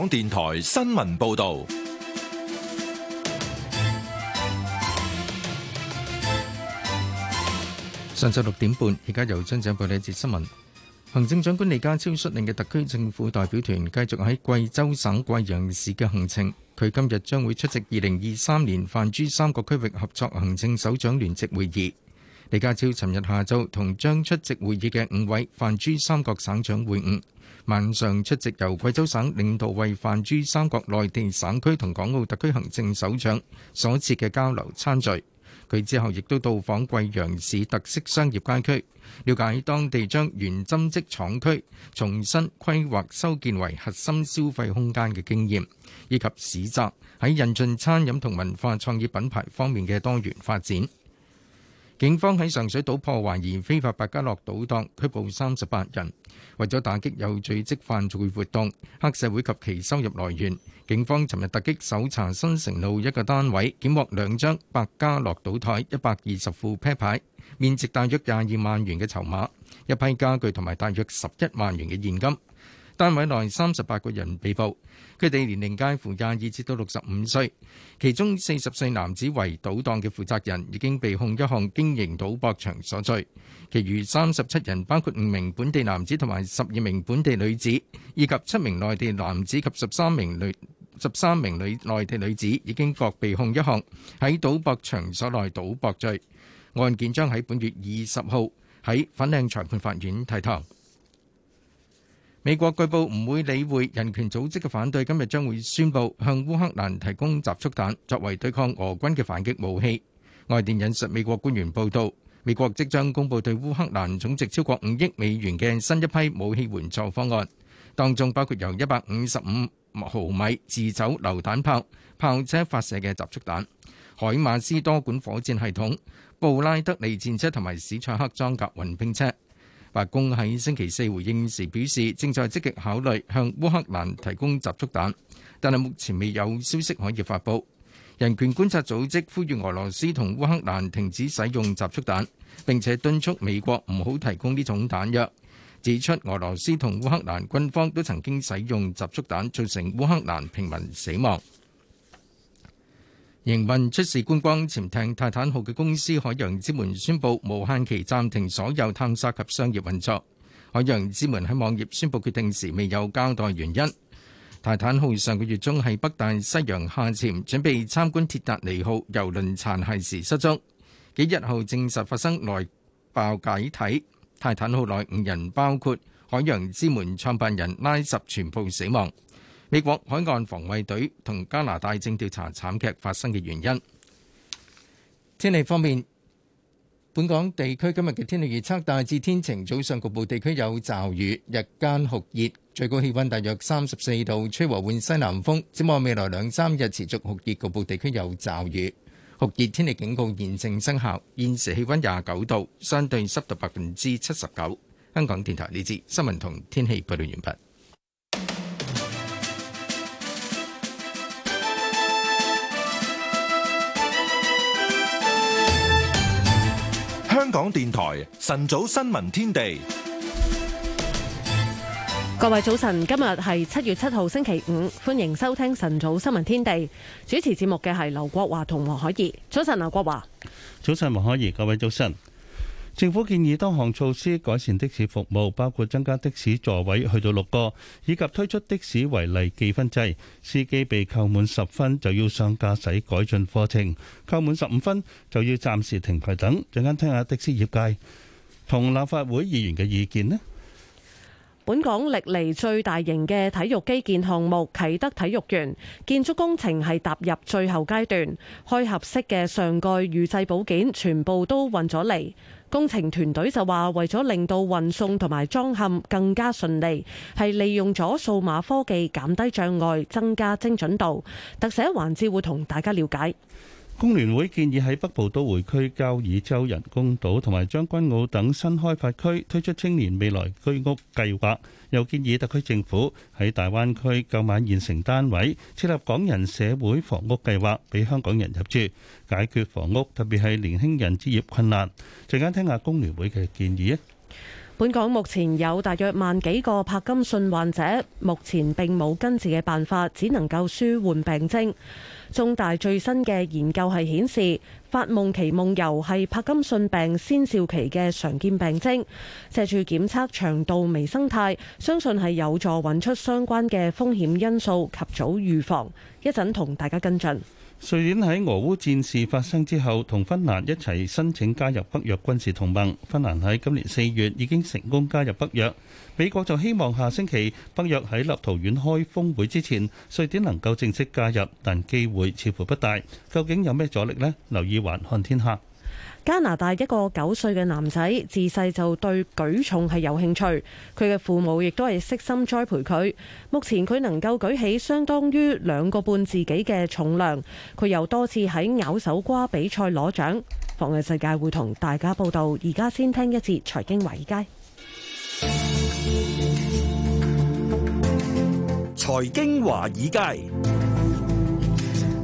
港電台新聞報道，上晝六點半，而家由張姐報你一節新聞。行政長官李家超率領嘅特區政府代表團繼續喺貴州省貴陽市嘅行程。佢今日將會出席二零二三年泛珠三角區域合作行政首長聯席會議。李家超尋日下晝同將出席會議嘅五位泛珠三角省長會晤。晚上出席由貴州省領導為泛珠三角內地省區同港澳特區行政首長所設嘅交流餐聚，佢之後亦都到訪貴陽市特色商業街區，了解當地將原針織廠區重新規劃修建為核心消費空間嘅經驗，以及市集喺引進餐飲同文化創意品牌方面嘅多元發展。警方喺上水搗破懷疑非法百家樂賭檔，拘捕三十八人。為咗打擊有組織犯罪活動、黑社會及其收入來源，警方尋日突擊搜查新城路一個單位，檢獲兩張百家樂賭台、一百二十副啤牌、面值大約廿二萬元嘅籌碼、一批家具同埋大約十一萬元嘅現金。單位內三十八個人被捕，佢哋年齡介乎廿二至到六十五歲，其中四十歲男子為賭檔嘅負責人，已經被控一項經營賭博場所罪。其餘三十七人，包括五名本地男子同埋十二名本地女子，以及七名內地男子及十三名女十三名女內地女子，已經各被控一項喺賭博場所內賭博罪。案件將喺本月二十號喺粉嶺裁判法院提堂。美國據報唔會理會人權組織嘅反對，今日將會宣布向烏克蘭提供集束彈，作為對抗俄軍嘅反擊武器。外電引述美國官員報道，美國即將公佈對烏克蘭總值超過五億美元嘅新一批武器援助方案，當中包括由一百五十五毫米自走榴彈炮、炮車發射嘅集束彈、海馬斯多管火箭系統、布拉德利戰車同埋史賽克裝甲運兵車。白宮喺星期四回應時表示，正在積極考慮向烏克蘭提供集束彈，但係目前未有消息可以發佈。人權觀察組織呼籲俄羅斯同烏克蘭停止使用集束彈，並且敦促美國唔好提供呢種彈藥。指出俄羅斯同烏克蘭軍方都曾經使用集束彈，造成烏克蘭平民死亡。營運出事觀光潛艇泰坦號嘅公司海洋之門宣布無限期暫停所有探索及商業運作。海洋之門喺網頁宣布決定時未有交代原因。泰坦號上個月中喺北大西洋下潛準備參觀鐵達尼號郵輪殘骸時失蹤，幾日後證實發生內爆解體。泰坦號內五人包括海洋之門創辦人拉什全部死亡。美國海岸防衛隊同加拿大正調查慘劇發生嘅原因。天氣方面，本港地區今日嘅天氣預測大致天晴，早上局部地區有驟雨，日間酷熱，最高氣温大約三十四度，吹和緩西南風。展望未來兩三日持續酷熱，局部地區有驟雨。酷熱天氣警告現正生效，現時氣温廿九度，相對濕度百分之七十九。香港電台呢節新聞同天氣報道完畢。香港電台晨早新聞天地，各位早晨，今日係七月七號星期五，歡迎收聽晨早新聞天地。主持節目嘅係劉國華同黃海怡。早晨，劉國華。早晨，黃海怡。各位早晨。政府建議多項措施改善的士服務，包括增加的士座位去到六個，以及推出的士違例記分制，司機被扣滿十分就要上駕駛改進課程，扣滿十五分就要暫時停牌。等陣間聽下的士業界同立法會議員嘅意見咧。本港歷嚟最大型嘅體育基建項目啟德體育園建築工程係踏入最後階段，開合式嘅上蓋預製部件全部都運咗嚟。工程團隊就話，為咗令到運送同埋裝嵌更加順利，係利用咗數碼科技減低障礙，增加精準度。特寫環節會同大家了解。工聯會建議喺北部都會區、交椅洲人工島同埋將軍澳等新開發區推出青年未來居屋計劃，又建議特區政府喺大灣區購買現成單位，設立港人社會房屋計劃俾香港人入住，解決房屋特別係年輕人置業困難。陣間聽下工聯會嘅建議啊！本港目前有大約萬幾個柏金遜患者，目前並冇根治嘅辦法，只能夠舒緩病徵。中大最新嘅研究係顯示，發夢期夢遊係柏金遜病先兆期嘅常見病徵。藉住檢測腸道微生態，相信係有助揾出相關嘅風險因素及早預防。一陣同大家跟進。瑞典喺俄烏戰事發生之後，同芬蘭一齊申請加入北約軍事同盟。芬蘭喺今年四月已經成功加入北約。美國就希望下星期北約喺立陶宛開峰會之前，瑞典能夠正式加入，但機會似乎不大。究竟有咩阻力呢？留意環看天下。加拿大一個九歲嘅男仔自細就對舉重係有興趣，佢嘅父母亦都係悉心栽培佢。目前佢能夠舉起相當於兩個半自己嘅重量，佢又多次喺拗手瓜比賽攞獎。《放眼世界》會同大家報道，而家先聽一節財經華爾街。財經華爾街。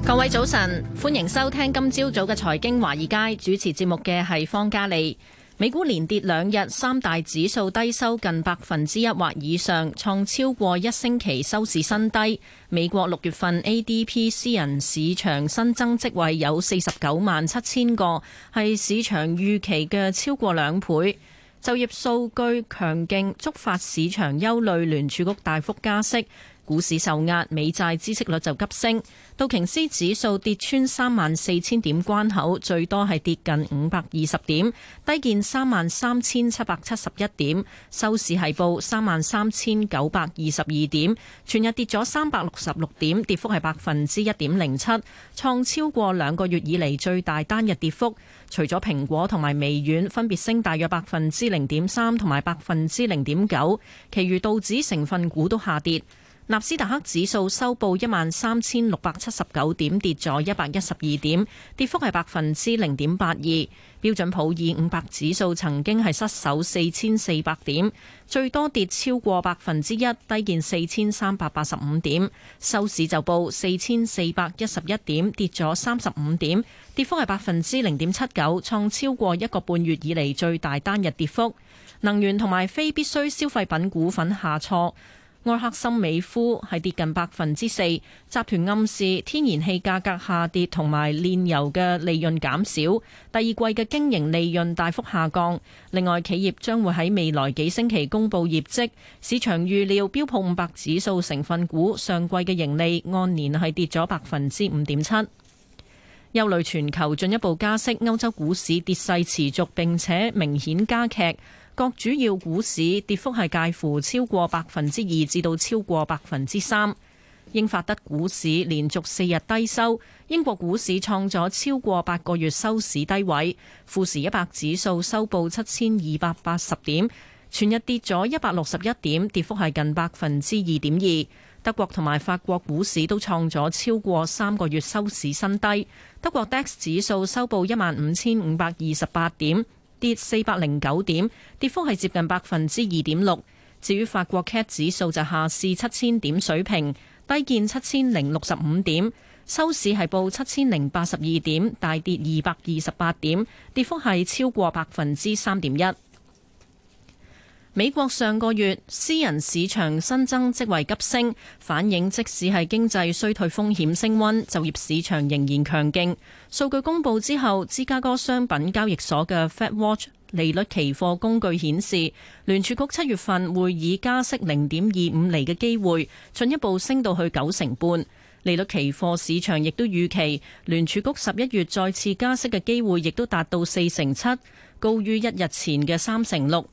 各位早晨，歡迎收聽今朝早嘅財經華爾街，主持節目嘅係方嘉莉。美股連跌兩日，三大指數低收近百分之一或以上，創超過一星期收市新低。美國六月份 ADP 私人市場新增職位有四十九萬七千個，係市場預期嘅超過兩倍。就業數據強勁，觸發市場憂慮，聯儲局大幅加息。股市受壓，美債孳息率就急升。道瓊斯指數跌穿三萬四千點關口，最多係跌近五百二十點，低見三萬三千七百七十一點，收市係報三萬三千九百二十二點，全日跌咗三百六十六點，跌幅係百分之一點零七，創超過兩個月以嚟最大單日跌幅。除咗蘋果同埋微軟分別升大約百分之零點三同埋百分之零點九，其餘道指成分股都下跌。納斯達克指數收報一萬三千六百七十九點，跌咗一百一十二點，跌幅係百分之零點八二。標準普爾五百指數曾經係失守四千四百點，最多跌超過百分之一，低見四千三百八十五點，收市就報四千四百一十一點，跌咗三十五點，跌幅係百分之零點七九，創超過一個半月以嚟最大單日跌幅。能源同埋非必需消費品股份下挫。埃克森美孚係跌近百分之四，集團暗示天然氣價格下跌同埋煉油嘅利潤減少，第二季嘅經營利潤大幅下降。另外，企業將會喺未來幾星期公布業績，市場預料標普五百指數成分股上季嘅盈利按年係跌咗百分之五點七。憂慮全球進一步加息，歐洲股市跌勢持續並且明顯加劇。各主要股市跌幅係介乎超過百分之二至到超過百分之三。英法德股市連續四日低收，英國股市創咗超過八個月收市低位。富時一百指數收報七千二百八十點，全日跌咗一百六十一點，跌幅係近百分之二點二。德國同埋法國股市都創咗超過三個月收市新低。德國 DAX 指數收報一萬五千五百二十八點。跌四百零九點，跌幅係接近百分之二點六。至於法國 CAC 指數就下試七千點水平，低見七千零六十五點，收市係報七千零八十二點，大跌二百二十八點，跌幅係超過百分之三點一。美國上個月私人市場新增職位急升，反映即使係經濟衰退風險升溫，就業市場仍然強勁。數據公佈之後，芝加哥商品交易所嘅 FedWatch 利率期貨工具顯示，聯儲局七月份會以加息零點二五釐嘅機會進一步升到去九成半。利率期貨市場亦都預期聯儲局十一月再次加息嘅機會亦都達到四成七，高於一日前嘅三成六。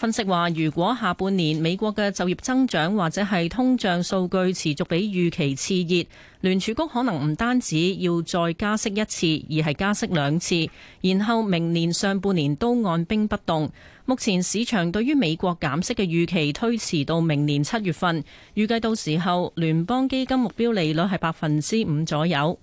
分析話，如果下半年美國嘅就業增長或者係通脹數據持續比預期熾熱，聯儲局可能唔單止要再加息一次，而係加息兩次，然後明年上半年都按兵不動。目前市場對於美國減息嘅預期推遲到明年七月份，預計到時候聯邦基金目標利率係百分之五左右。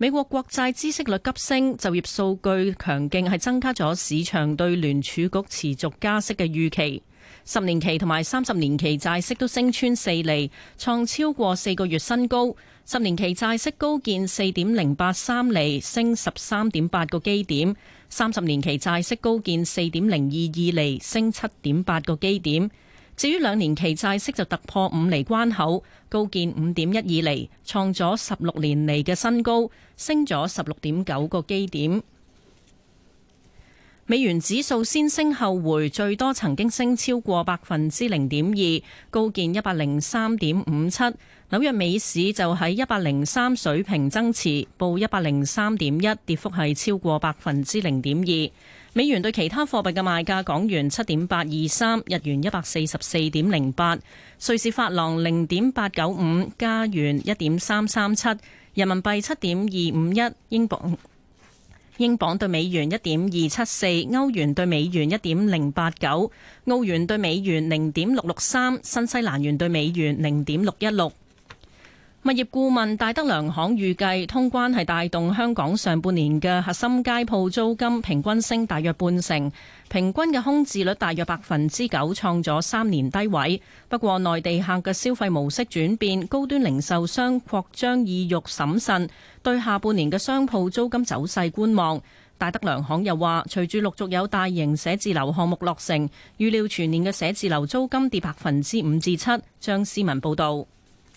美國國債孳息率急升，就業數據強勁，係增加咗市場對聯儲局持續加息嘅預期。十年期同埋三十年期債息都升穿四厘，創超過四個月新高。十年期債息高見四點零八三厘，升十三點八個基點；三十年期債息高見四點零二二厘，升七點八個基點。至於兩年期債息就突破五厘關口，高見五點一二厘，創咗十六年嚟嘅新高，升咗十六點九個基點。美元指數先升後回，最多曾經升超過百分之零點二，高見一百零三點五七。紐約美市就喺一百零三水平增持，報一百零三點一，跌幅係超過百分之零點二。美元對其他貨幣嘅賣價：港元七點八二三，日元一百四十四點零八，瑞士法郎零點八九五，加元一點三三七，人民幣七點二五一，英鎊，英鎊對美元一點二七四，歐元對美元一點零八九，澳元對美元零點六六三，新西蘭元對美元零點六一六。物業顧問戴德梁行預計，通關係帶動香港上半年嘅核心街鋪租金平均升大約半成，平均嘅空置率大約百分之九，創咗三年低位。不過內地客嘅消費模式轉變，高端零售商擴張意欲審慎，對下半年嘅商鋪租金走勢觀望。戴德梁行又話，隨住陸續有大型寫字樓項目落成，預料全年嘅寫字樓租金跌百分之五至七。張思文報道。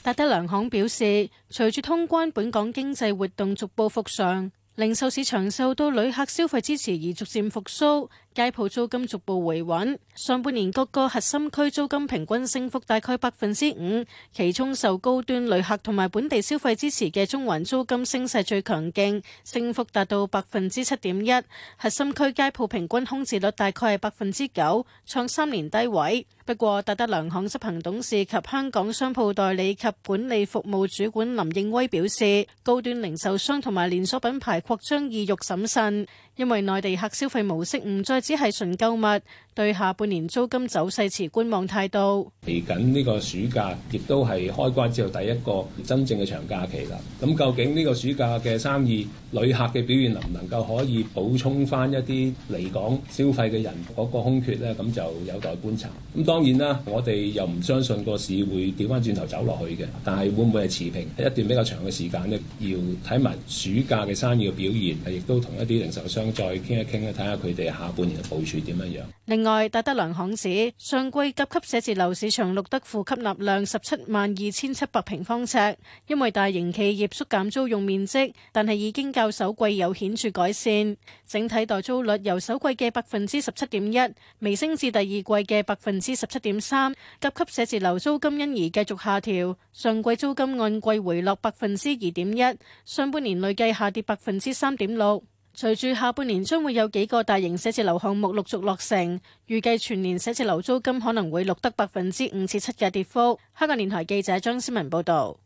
達德良行表示，隨住通關，本港經濟活動逐步復常，零售市場受到旅客消費支持而逐漸復甦。街鋪租金逐步回穩，上半年各個核心區租金平均升幅大概百分之五，其中受高端旅客同埋本地消費支持嘅中環租金升勢最強勁，升幅達到百分之七點一。核心區街鋪平均空置率大概係百分之九，創三年低位。不過，戴德梁行執行董事及香港商鋪代理及管理服務主管林應威表示，高端零售商同埋連鎖品牌擴張意欲審慎。因為內地客消費模式唔再只係純購物，對下半年租金走勢持觀望態度。嚟緊呢個暑假亦都係開關之後第一個真正嘅長假期啦。咁究竟呢個暑假嘅生意、旅客嘅表現能唔能夠可以補充翻一啲嚟港消費嘅人嗰個空缺呢？咁就有待觀察。咁當然啦，我哋又唔相信個市會調翻轉頭走落去嘅，但係會唔會係持平一段比較長嘅時間咧？要睇埋暑假嘅生意嘅表現，亦都同一啲零售商。再傾一傾，睇下佢哋下半年嘅部署點樣。另外，戴德梁行指上季甲級寫字樓市場錄得負吸納量十七萬二千七百平方尺，因為大型企業縮減租用面積，但係已經較首季有顯著改善。整體代租率由首季嘅百分之十七點一微升至第二季嘅百分之十七點三。甲級寫字樓租金因而繼續下調，上季租金按季回落百分之二點一，上半年累計下跌百分之三點六。隨住下半年將會有幾個大型寫字樓項目陸續落成，預計全年寫字樓租金可能會錄得百分之五至七嘅跌幅。香港電台記者張思文報道，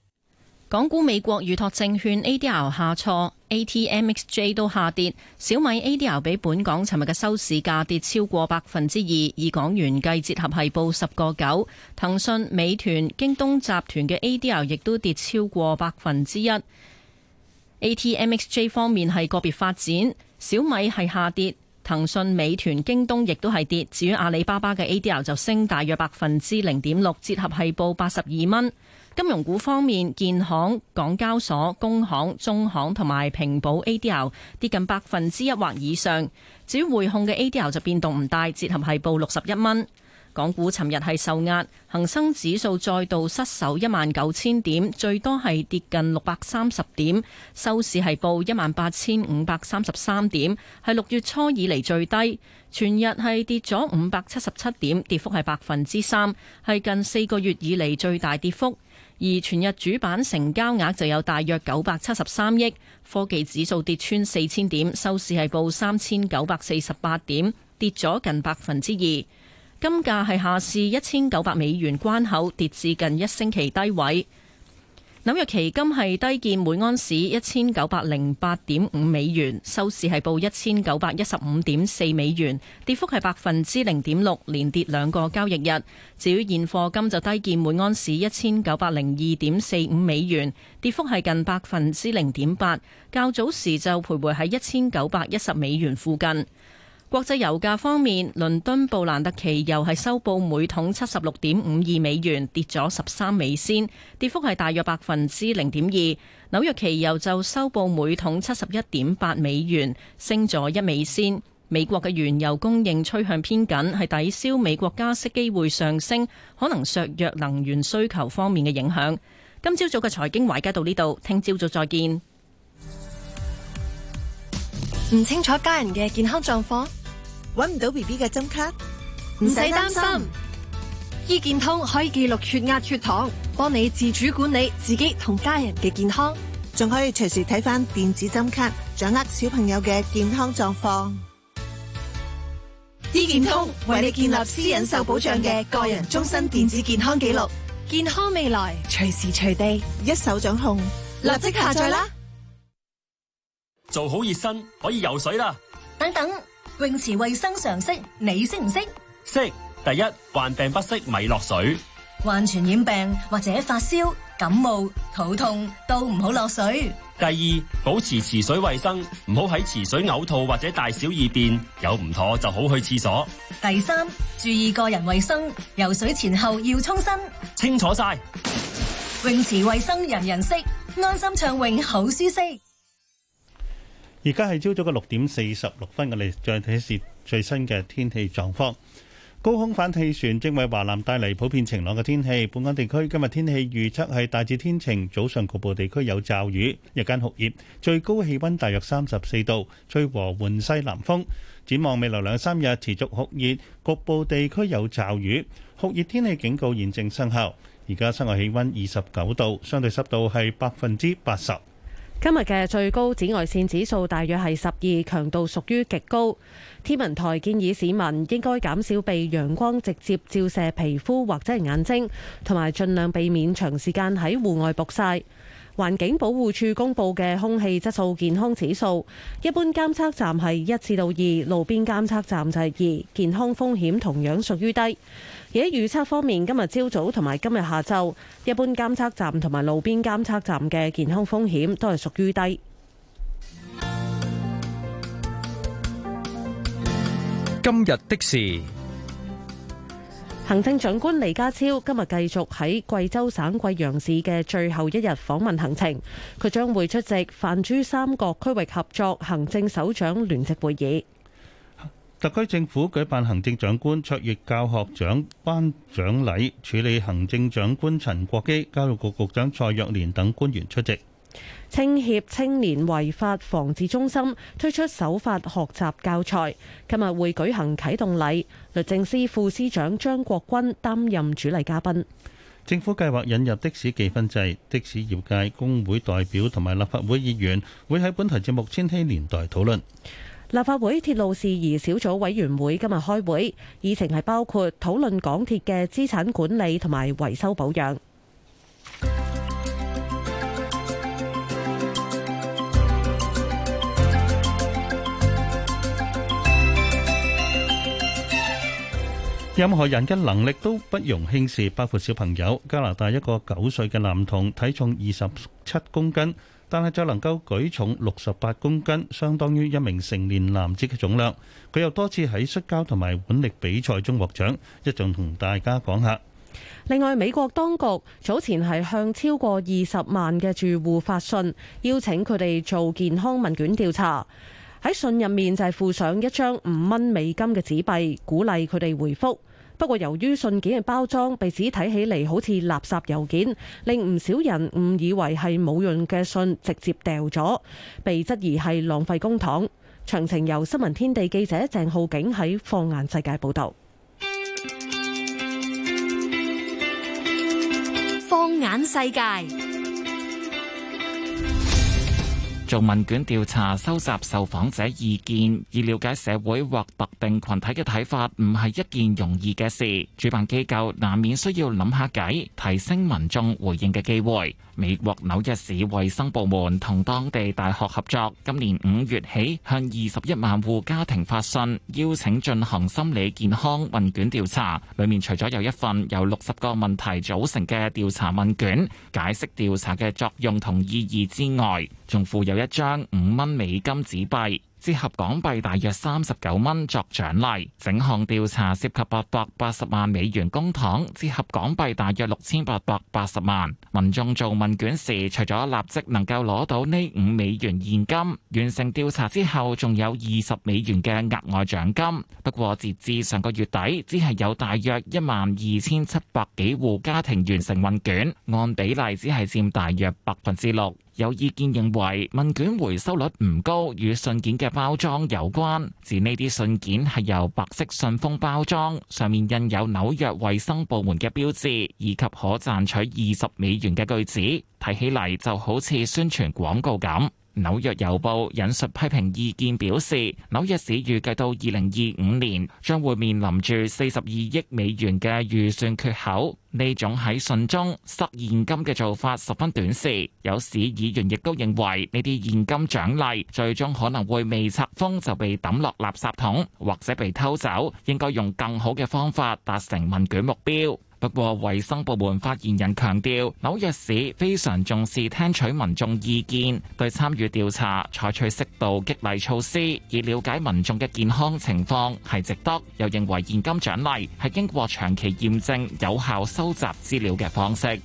港股美國預託證券 ADR 下挫，ATMXJ 都下跌，小米 ADR 比本港尋日嘅收市價跌,跌超過百分之二，以港元計折合係報十個九。騰訊、美團、京東集團嘅 ADR 亦都跌超過百分之一。A.T.M.X.J 方面，係個別發展，小米係下跌，騰訊、美團、京東亦都係跌。至於阿里巴巴嘅 A.D.R 就升大約百分之零點六，折合係報八十二蚊。金融股方面，建行、港交所、工行、中行同埋平保 A.D.R 跌近百分之一或以上。至於匯控嘅 A.D.R 就變動唔大，折合係報六十一蚊。港股尋日係受壓，恒生指數再度失守一萬九千點，最多係跌近六百三十點，收市係報一萬八千五百三十三點，係六月初以嚟最低。全日係跌咗五百七十七點，跌幅係百分之三，係近四個月以嚟最大跌幅。而全日主板成交額就有大約九百七十三億。科技指數跌穿四千點，收市係報三千九百四十八點，跌咗近百分之二。金價係下市一千九百美元關口，跌至近一星期低位。紐約期金係低見每安士一千九百零八點五美元，收市係報一千九百一十五點四美元，跌幅係百分之零點六，連跌兩個交易日。至於現貨金就低見每安士一千九百零二點四五美元，跌幅係近百分之零點八，較早時就徘徊喺一千九百一十美元附近。國際油價方面，倫敦布蘭特期油係收報每桶七十六點五二美元，跌咗十三美仙，跌幅係大約百分之零點二。紐約期油就收報每桶七十一點八美元，升咗一美仙。美國嘅原油供應趨向偏緊，係抵消美國加息機會上升，可能削弱能源需求方面嘅影響。今朝早嘅財經華爾街到呢度，聽朝早再見。唔清楚家人嘅健康狀況。搵唔到 BB 嘅針卡，唔使擔心。醫健通可以記錄血壓、血糖，幫你自主管理自己同家人嘅健康，仲可以隨時睇翻電子針卡，掌握小朋友嘅健康狀況。醫健通為你建立私隱受保障嘅個人終身電子健康記錄，健康未來隨時隨地一手掌控，立即下載啦！做好熱身，可以游水啦！等等。泳池衛生常識，你識唔識？識。第一，患病不適咪落水。患傳染病或者發燒、感冒、肚痛都唔好落水。第二，保持池水衛生，唔好喺池水嘔吐或者大小二便，有唔妥就好去廁所。第三，注意個人衛生，游水前後要沖身。清楚晒，泳池衛生人人識，安心暢泳好舒適。而家係朝早嘅六點四十六分，我哋再睇一次最新嘅天氣狀況。高空反氣旋正為華南帶嚟普遍晴朗嘅天氣。本港地區今日天氣預測係大致天晴，早上局部地區有驟雨，日間酷熱，最高氣溫大約三十四度，吹和緩西南風。展望未來兩三日持續酷熱，局部地區有驟雨，酷熱天氣警告現正生效。而家室外氣溫二十九度，相對濕度係百分之八十。今日嘅最高紫外線指數大約係十二，強度屬於極高。天文台建議市民應該減少被陽光直接照射皮膚或者眼睛，同埋盡量避免長時間喺戶外曝曬。環境保護署公布嘅空氣質素健康指數，一般監測站係一至到二，路邊監測站就係二，健康風險同樣屬於低。而喺預測方面，今日朝早同埋今日下晝，一般監測站同埋路邊監測站嘅健康風險都係屬於低。今日的事。行政長官李家超今日繼續喺貴州省貴陽市嘅最後一日訪問行程，佢將會出席泛珠三角區域合作行政首長聯席會議。特區政府舉辦行政長官卓越教學獎頒獎禮，署理行政長官陳國基、教育局局長蔡若蓮等官員出席。青協青年違法防治中心推出守法學習教材，今日會舉行啟動禮。律政司副司長張國鈞擔任主禮嘉賓。政府計劃引入的士記分制，的士業界工會代表同埋立法會議員會喺本台節目《千禧年代》討論。立法會鐵路事宜小組委員會今日開會，議程係包括討論港鐵嘅資產管理同埋維修保養。任何人嘅能力都不容輕視，包括小朋友。加拿大一個九歲嘅男童，體重二十七公斤，但係就能夠舉重六十八公斤，相當於一名成年男子嘅重量。佢又多次喺摔跤同埋腕力比賽中獲獎，一陣同大家講下。另外，美國當局早前係向超過二十萬嘅住戶發信，邀請佢哋做健康問卷調查。喺信入面就係附上一張五蚊美金嘅紙幣，鼓勵佢哋回覆不過由於信件嘅包裝被紙睇起嚟好似垃圾郵件，令唔少人誤以為係冇用嘅信，直接掉咗，被質疑係浪費公帑。詳情由新聞天地記者鄭浩景喺放眼世界報道。放眼世界。做問卷調查、收集受訪者意見，以了解社會或特定群體嘅睇法，唔係一件容易嘅事。主辦機構難免需要諗下計，提升民眾回應嘅機會。美國紐約市衛生部門同當地大學合作，今年五月起向二十一萬戶家庭發信，邀請進行心理健康問卷調查。裏面除咗有一份由六十個問題組成嘅調查問卷，解釋調查嘅作用同意義之外，仲附有一張五蚊美金紙幣，折合港幣大約三十九蚊作獎勵。整項調查涉及八百八十萬美元公帑，折合港幣大約六千八百八十萬。民眾做問卷時，除咗立即能夠攞到呢五美元現金，完成調查之後仲有二十美元嘅額外獎金。不過截至上個月底，只係有大約一萬二千七百幾戶家庭完成問卷，按比例只係佔大約百分之六。有意見認為，問卷回收率唔高，與信件嘅包裝有關。指呢啲信件係由白色信封包裝，上面印有紐約衛生部門嘅標誌，以及可賺取二十美元嘅句子，睇起嚟就好似宣傳廣告咁。紐約郵報引述批評意見表示，紐約市預計到二零二五年將會面臨住四十二億美元嘅預算缺口。呢種喺信中塞現金嘅做法十分短視。有市議員亦都認為，呢啲現金獎勵最終可能會未拆封就被抌落垃圾桶，或者被偷走。應該用更好嘅方法達成問卷目標。不過衛生部門發言人強調，紐約市非常重視聽取民眾意見，對參與調查採取適度激勵措施，以了解民眾嘅健康情況係值得。又認為現金獎勵係英國長期驗證有效收集資料嘅方式。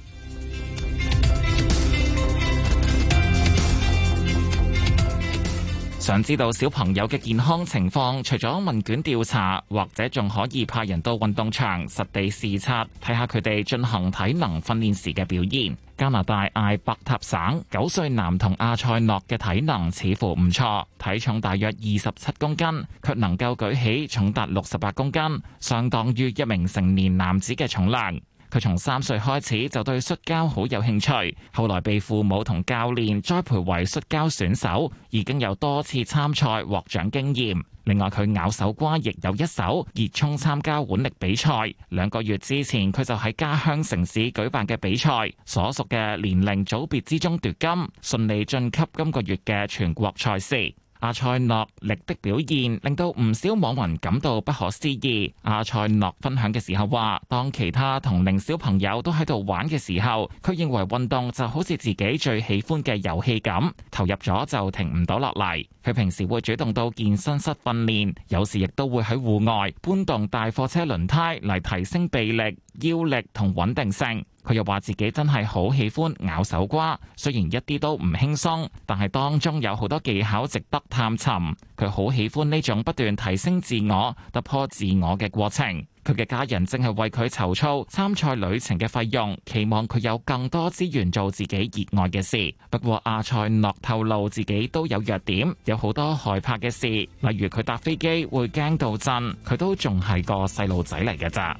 想知道小朋友嘅健康情況，除咗問卷調查，或者仲可以派人到運動場實地視察，睇下佢哋進行體能訓練時嘅表現。加拿大艾伯塔省九歲男童阿塞諾嘅體能似乎唔錯，體重大約二十七公斤，卻能夠舉起重達六十八公斤，相當於一名成年男子嘅重量。佢從三歲開始就對摔跤好有興趣，後來被父母同教練栽培為摔跤選手，已經有多次參賽獲獎經驗。另外，佢咬手瓜亦有一手，熱衷參加腕力比賽。兩個月之前，佢就喺家鄉城市舉辦嘅比賽，所屬嘅年齡組別之中奪金，順利晉級今個月嘅全國賽事。阿塞諾力的表現令到唔少網民感到不可思議。阿塞諾分享嘅時候話，當其他同齡小朋友都喺度玩嘅時候，佢認為運動就好似自己最喜歡嘅遊戲咁，投入咗就停唔到落嚟。佢平時會主動到健身室訓練，有時亦都會喺戶外搬動大貨車輪胎嚟提升臂力、腰力同穩定性。佢又話自己真係好喜歡咬手瓜，雖然一啲都唔輕鬆，但係當中有好多技巧值得探尋。佢好喜歡呢種不斷提升自我、突破自我嘅過程。佢嘅家人正係為佢籌措參賽旅程嘅費用，期望佢有更多資源做自己熱愛嘅事。不過，阿塞諾透露自己都有弱點，有好多害怕嘅事，例如佢搭飛機會驚到震，佢都仲係個細路仔嚟嘅咋。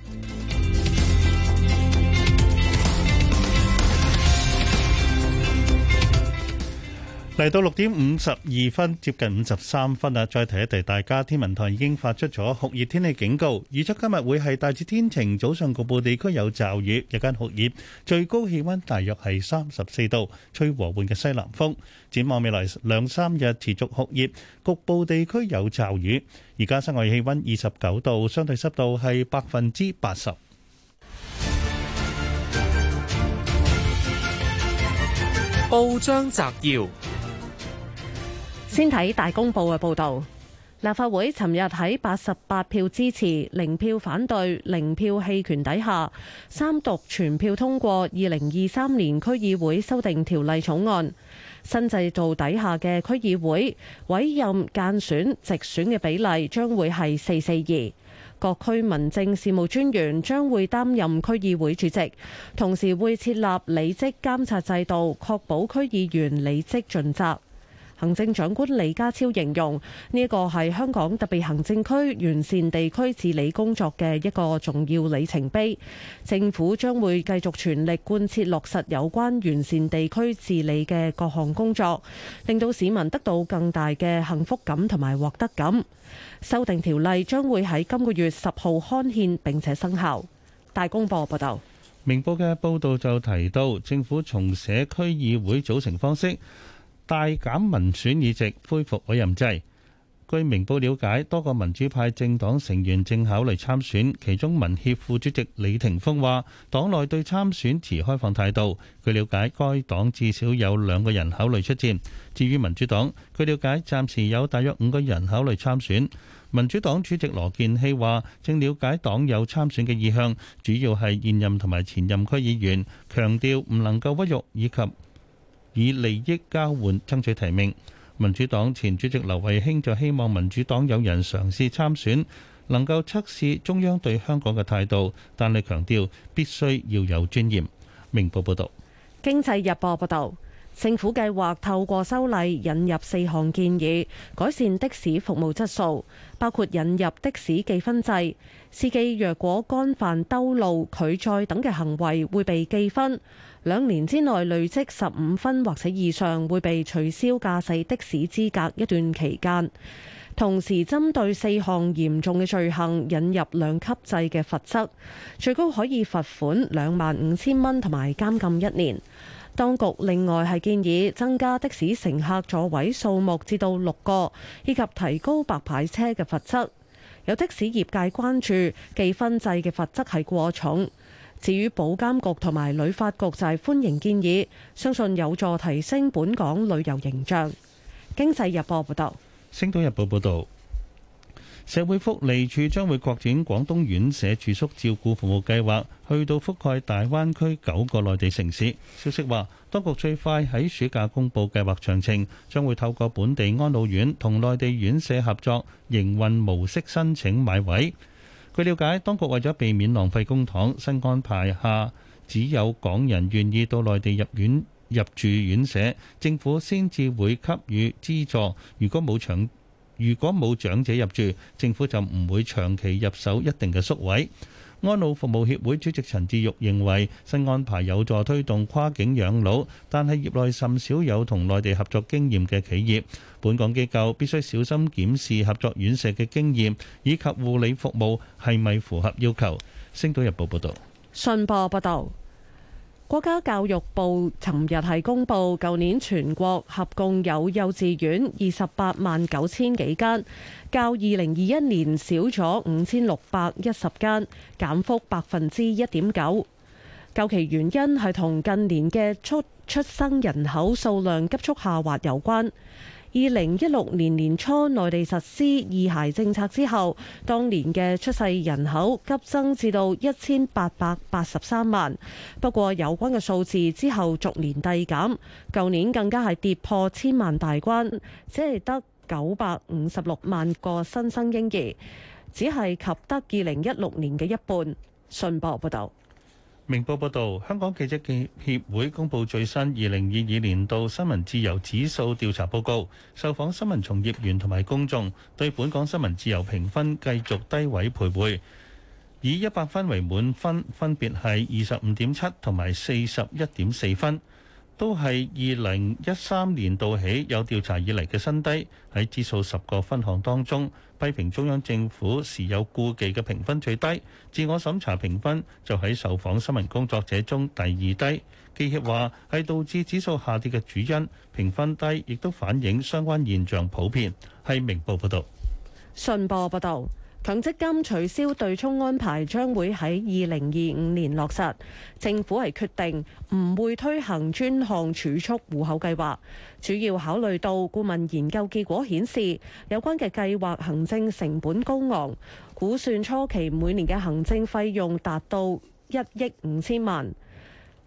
嚟到六點五十二分，接近五十三分啦。再提一提，大家天文台已經發出咗酷熱天氣警告，預測今日會係大致天晴，早上局部地區有驟雨，日間酷熱，最高氣溫大約係三十四度，吹和緩嘅西南風。展望未來兩三日持續酷熱，局部地區有驟雨。而家室外氣溫二十九度，相對濕度係百分之八十。報章摘要。先睇大公報嘅報道，立法會尋日喺八十八票支持、零票反對、零票棄權底下，三讀全票通過二零二三年區議會修訂條例草案。新制度底下嘅區議會委任、間選、直選嘅比例將會係四四二。各區民政事務專員將會擔任區議會主席，同時會設立理職監察制度，確保區議員理職盡責。行政長官李家超形容呢一個係香港特別行政區完善地區治理工作嘅一個重要里程碑。政府將會繼續全力貫徹落實有關完善地區治理嘅各項工作，令到市民得到更大嘅幸福感同埋獲得感。修訂條例將會喺今個月十號刊憲並且生效。大公報報導，明報嘅報導就提到政府從社區議會組成方式，大減民選議席，恢復委任制。據明報了解，多個民主派政黨成員正考慮參選，其中民協副主席李廷峯話，黨內對參選持開放態度。據了解，該黨至少有兩個人考慮出戰。至於民主黨，據了解，暫時有大約五個人考慮參選。民主黨主席羅健熙話，正了解黨友參選嘅意向，主要係現任同埋前任區議員，強調唔能夠屈辱以及。以利益交換爭取提名，民主黨前主席劉慧卿就希望民主黨有人嘗試參選，能夠測試中央對香港嘅態度，但係強調必須要有尊嚴。明報報導。經濟日報報導，政府計劃透過修例引入四項建議，改善的士服務質素。包括引入的士記分制，司機若果干犯兜路、拒載等嘅行為，會被記分。兩年之內累積十五分或者以上，會被取消駕駛的士資格一段期間。同時，針對四項嚴重嘅罪行，引入兩級制嘅罰則，最高可以罰款兩萬五千蚊，同埋監禁一年。當局另外係建議增加的士乘客座位數目至到六個，以及提高白牌車嘅罰則。有的士業界關注記分制嘅罰則係過重。至於保監局同埋旅發局就係歡迎建議，相信有助提升本港旅遊形象。經濟日報報道，《星島日報》報道。社會福利署將會擴展廣東院舍住宿照顧服務計劃，去到覆蓋大灣區九個內地城市。消息話，當局最快喺暑假公布計劃詳情，將會透過本地安老院同內地院舍合作營運模式申請買位。據了解，當局為咗避免浪費公帑，新安排下只有港人願意到內地入院入住院舍，政府先至會給予資助。如果冇長，如果冇長者入住，政府就唔會長期入手一定嘅宿位。安老服務協會主席陳志玉認為，新安排有助推動跨境養老，但係業內甚少有同內地合作經驗嘅企業。本港機構必須小心檢視合作院舍嘅經驗以及護理服務係咪符合要求。星島日報報道。信報報道。國家教育部尋日係公布，舊年全國合共有幼稚園二十八萬九千幾間，較二零二一年少咗五千六百一十間，減幅百分之一點九。究其原因係同近年嘅出出生人口數量急速下滑有關。二零一六年年初，內地實施二孩政策之後，當年嘅出世人口急增至到一千八百八十三萬。不過，有關嘅數字之後逐年遞減，舊年更加係跌破千萬大關，只係得九百五十六萬個新生嬰兒，只係及得二零一六年嘅一半。信報報道。明報報導，香港記者協會公布最新二零二二年度新聞自由指數調查報告，受訪新聞從業員同埋公眾對本港新聞自由評分繼續低位徘徊，以一百分為滿分，分別係二十五點七同埋四十一點四分，都係二零一三年度起有調查以嚟嘅新低。喺指數十個分項當中，批評中央政府時有顧忌嘅評分最低，自我審查評分就喺受訪新聞工作者中第二低。記者話係導致指數下跌嘅主因，評分低亦都反映相關現象普遍。係明報報道。信報報道。強積金取消對沖安排將會喺二零二五年落實。政府係決定唔會推行專項儲蓄戶口計劃，主要考慮到顧問研究結果顯示，有關嘅計劃行政成本高昂，估算初期每年嘅行政費用達到一億五千萬，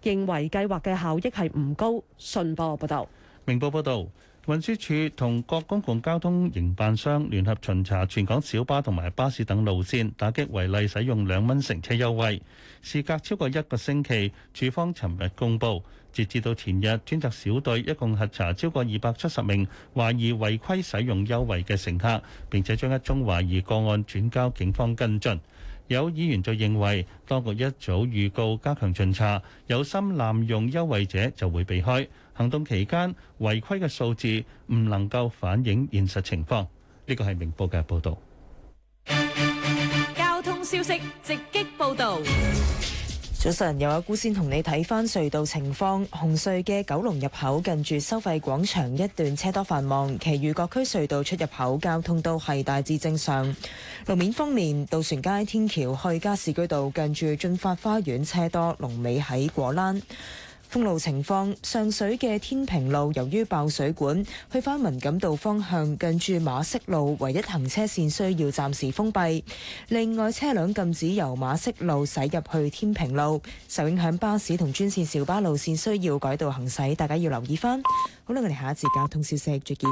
認為計劃嘅效益係唔高。信報報道，明報報道。運輸署同各公共交通營辦商聯合巡查全港小巴同埋巴士等路線，打擊違例使用兩蚊乘車優惠。事隔超過一個星期，署方尋日公布，截至到前日，專責小隊一共核查超過二百七十名懷疑違規，規使用優惠嘅乘客，並且將一宗懷疑個案轉交警方跟進。有議員就認為，當局一早預告加強巡查，有心濫用優惠者就會避開。行動期間違規嘅數字唔能夠反映現實情況，呢個係明報嘅報導。交通消息直擊報導。早晨，有阿姑先同你睇翻隧道情況。紅隧嘅九龍入口近住收費廣場一段車多繁忙，其餘各區隧道出入口交通都係大致正常。路面方面，渡船街天橋去加士居道近住進發花園車多，龍尾喺果欄。封路情況，上水嘅天平路由於爆水管，去翻文錦道方向近住馬適路唯一行車線需要暫時封閉。另外，車輛禁止由馬適路駛入去天平路。受影響巴士同專線小巴路線需要改道行駛，大家要留意翻。好啦，我哋下一節交通消息再見。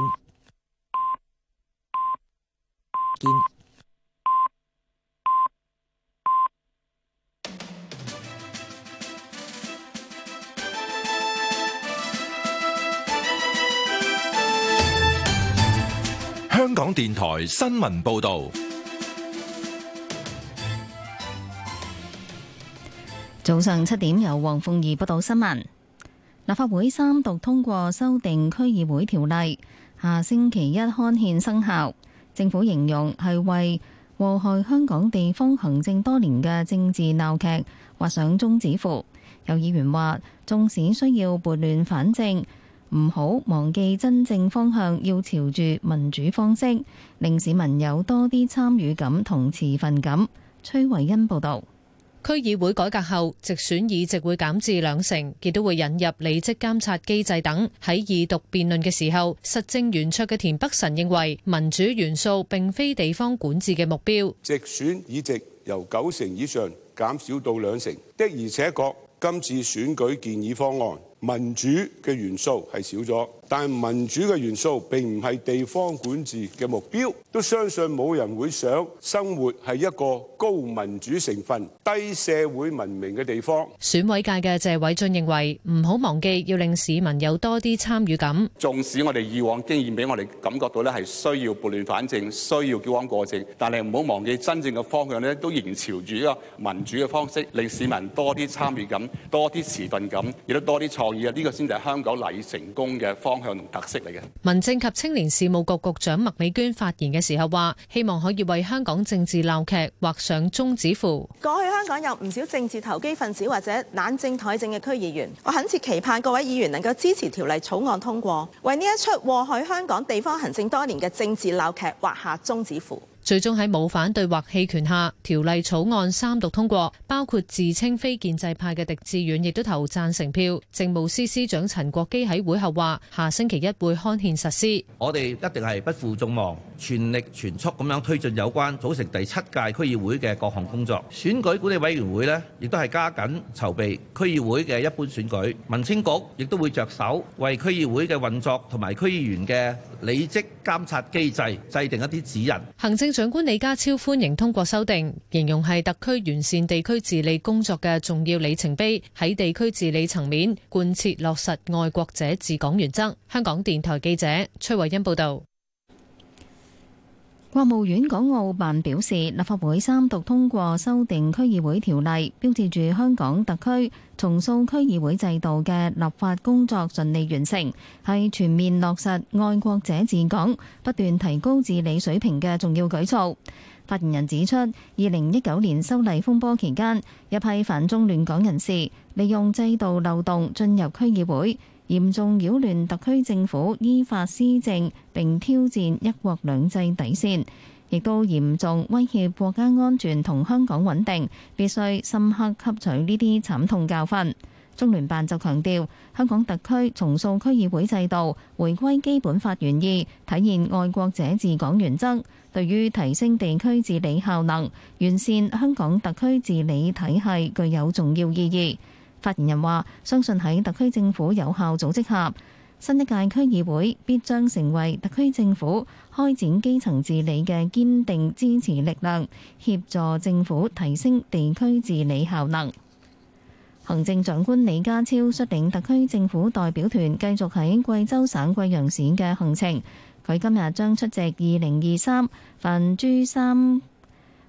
香港電台新聞報道，早上七點由黃鳳儀報道新聞。立法會三讀通過修訂區議會條例，下星期一刊憲生效。政府形容係為禍害香港地方行政多年嘅政治鬧劇畫上終止符。有議員話，縱使需要撥亂反正，唔好忘記真正方向要朝住民主方式，令市民有多啲參與感同持份感。崔惠恩報道，區議會改革後，直選議席會減至兩成，亦都會引入履職監察機制等。喺二讀辯論嘅時候，實政圓桌嘅田北辰認為，民主元素並非地方管治嘅目標。直選議席由九成以上減少到兩成，的而且確今次選舉建議方案。民主嘅元素係少咗。但民主嘅元素並唔係地方管治嘅目標，都相信冇人會想生活係一個高民主成分、低社會文明嘅地方。選委界嘅謝偉俊認為唔好忘記要令市民有多啲參與感，縱使我哋以往經驗俾我哋感覺到咧係需要撥亂反正、需要矯枉過正，但係唔好忘記真正嘅方向咧都仍朝住一個民主嘅方式，令市民多啲參與感、多啲持份感，亦都多啲創意啊！呢、這個先至係香港嚟成功嘅方特色嚟嘅，民政及青年事務局局長麥美娟發言嘅時候話，希望可以為香港政治鬧劇畫上終止符。過去香港有唔少政治投機分子或者懶政怠政嘅區議員，我懇切期盼各位議員能夠支持條例草案通過，為呢一出禍害香港地方行政多年嘅政治鬧劇畫下終止符。最終喺冇反對或棄權下，條例草案三讀通過，包括自稱非建制派嘅狄志遠亦都投贊成票。政務司司長陳國基喺會後話，下星期一會刊憲實施。我哋一定係不負眾望，全力全速咁樣推進有關組成第七屆區議會嘅各項工作。選舉管理委員會呢，亦都係加緊籌備區議會嘅一般選舉。民政局亦都會着手為區議會嘅運作同埋區議員嘅履職監察機制制定一啲指引。行政長官李家超歡迎通過修訂，形容係特區完善地區治理工作嘅重要里程碑，喺地區治理層面貫徹落實愛國者治港原則。香港電台記者崔慧欣報道。國務院港澳辦表示，立法會三讀通過修訂區議會條例，標誌住香港特區重塑區議會制度嘅立法工作順利完成，係全面落實愛國者治港、不斷提高治理水平嘅重要舉措。發言人指出，二零一九年修例風波期間，一批反中亂港人士利用制度漏洞進入區議會。嚴重擾亂特區政府依法施政，並挑戰一國兩制底線，亦都嚴重威脅國家安全同香港穩定，必須深刻吸取呢啲慘痛教訓。中聯辦就強調，香港特區重塑區議會制度，回歸基本法原意，體現愛國者治港原則，對於提升地區治理效能、完善香港特區治理體系具有重要意義。發言人話：相信喺特區政府有效組織下，新一屆區議會必將成為特區政府開展基層治理嘅堅定支持力量，協助政府提升地區治理效能。行政長官李家超率領特區政府代表團繼續喺貴州省貴陽市嘅行程。佢今日將出席二零二三泛珠三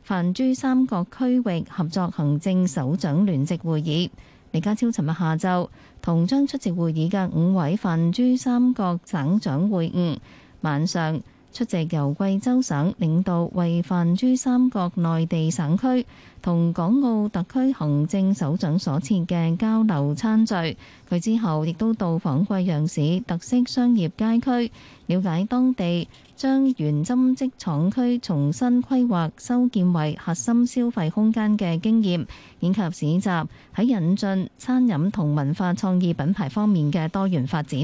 泛珠三角區域合作行政首長聯席會議。李家超尋日下晝同將出席會議嘅五位泛珠三角省長會晤，晚上出席由貴州省領導為泛珠三角內地省區同港澳特區行政首長所設嘅交流餐聚。佢之後亦都到訪貴陽市特色商業街區，了解當地將原針織廠區重新規劃、修建為核心消費空間嘅經驗，以及市集喺引進餐飲同文化創意品牌方面嘅多元發展。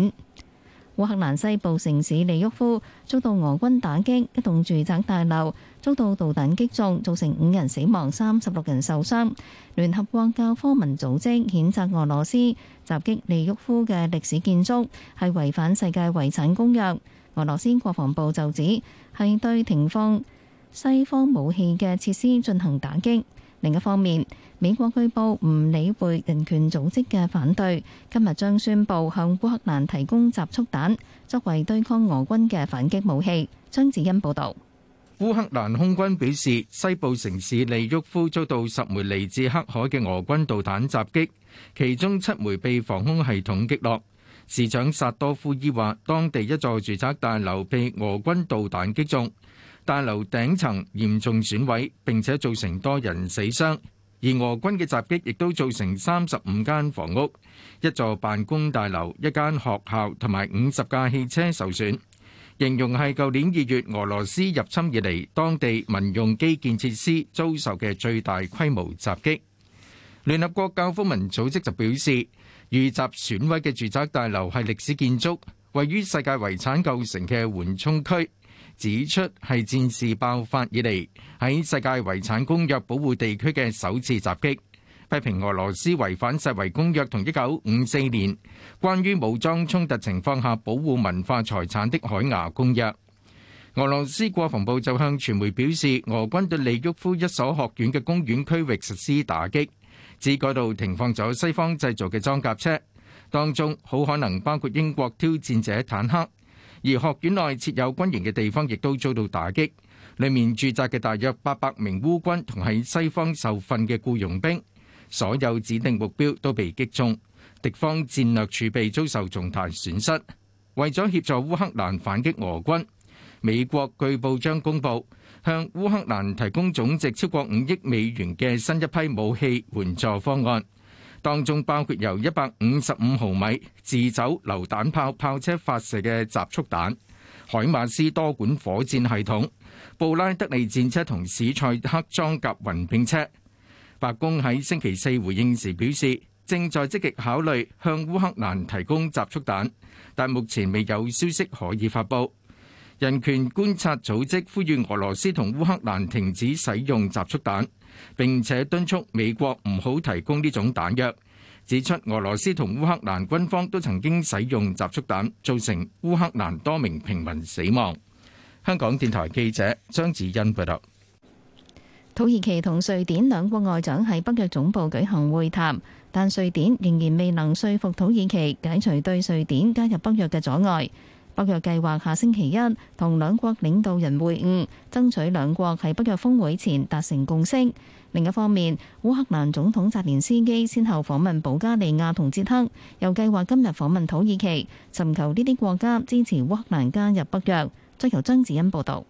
烏克蘭西部城市利沃夫遭到俄軍打擊，一棟住宅大樓遭到導彈擊中，造成五人死亡、三十六人受傷。聯合國教科文組織譴責俄羅斯襲擊利沃夫嘅歷史建築係違反世界遺產公約。俄羅斯國防部就指係對停放西方武器嘅設施進行打擊。另一方面，美國據報唔理會人權組織嘅反對，今日將宣布向烏克蘭提供集束彈，作為對抗俄軍嘅反擊武器。張子欣報導。烏克蘭空軍表示，西部城市利沃夫遭到十枚嚟自黑海嘅俄軍導彈襲擊，其中七枚被防空系統擊落。市長薩多夫伊話，當地一座住宅大樓被俄軍導彈擊中，大樓頂層嚴重損毀，並且造成多人死傷。而俄軍嘅襲擊亦都造成三十五間房屋、一座辦公大樓、一間學校同埋五十架汽車受損，形容係舊年二月俄羅斯入侵以嚟當地民用基建設施遭受嘅最大規模襲擊。聯合國教科文組織就表示。遇襲損毀嘅住宅大樓係歷史建築位於世界遺產舊城嘅緩衝區指出係戰事爆發以嚟喺世界遺產公約保護地區嘅首次襲擊批評俄羅斯違反世遺公約同一九五四年關於武裝衝突情況下保護文化財產的海牙公約俄羅斯國防部就向傳媒表示，俄軍對利沃夫一所學院嘅公園區域實施打擊。只街道停放咗西方製造嘅裝甲車，當中好可能包括英國挑戰者坦克。而學院內設有軍營嘅地方亦都遭到打擊，裡面駐紮嘅大約八百名烏軍同喺西方受訓嘅僱傭兵，所有指定目標都被擊中，敵方戰略儲備遭受重大損失。為咗協助烏克蘭反擊俄軍，美國據報將公布向烏克蘭提供總值超過五億美元嘅新一批武器援助方案，當中包括由一百五十五毫米自走榴彈炮炮車發射嘅集束彈、海馬斯多管火箭系統、布拉德利戰車同史塞克裝甲運兵車。白宮喺星期四回應時表示，正在積極考慮向烏克蘭提供集束彈，但目前未有消息可以發布。人權觀察組織呼籲俄羅斯同烏克蘭停止使用集束彈，並且敦促美國唔好提供呢種彈藥。指出俄羅斯同烏克蘭軍方都曾經使用集束彈，造成烏克蘭多名平民死亡。香港電台記者張子欣報道。土耳其同瑞典兩國外長喺北約總部舉行會談，但瑞典仍然未能說服土耳其解除對瑞典加入北約嘅阻礙。北約計劃下星期一同兩國領導人會晤，爭取兩國喺北約峰會前達成共識。另一方面，烏克蘭總統澤連斯基先後訪問保加利亞同捷克，又計劃今日訪問土耳其，尋求呢啲國家支持烏克蘭加入北約。再由張子欣報道。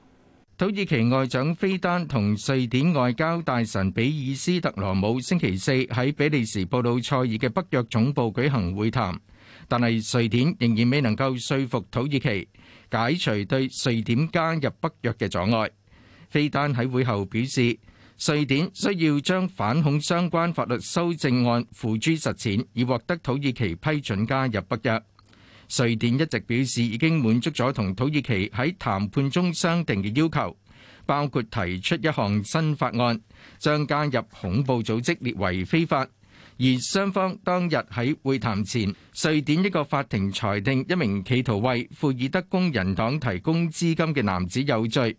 土耳其外長菲丹同瑞典外交大臣比爾斯特羅姆星期四喺比利時布魯塞爾嘅北約總部舉行會談。但係瑞典仍然未能夠說服土耳其解除對瑞典加入北約嘅阻礙。菲丹喺會後表示，瑞典需要將反恐相關法律修正案付諸實踐，以獲得土耳其批准加入北約。瑞典一直表示已經滿足咗同土耳其喺談判中商定嘅要求，包括提出一項新法案，將加入恐怖組織列為非法。而雙方當日喺會談前，瑞典一個法庭裁定一名企圖為庫爾德工人黨提供資金嘅男子有罪。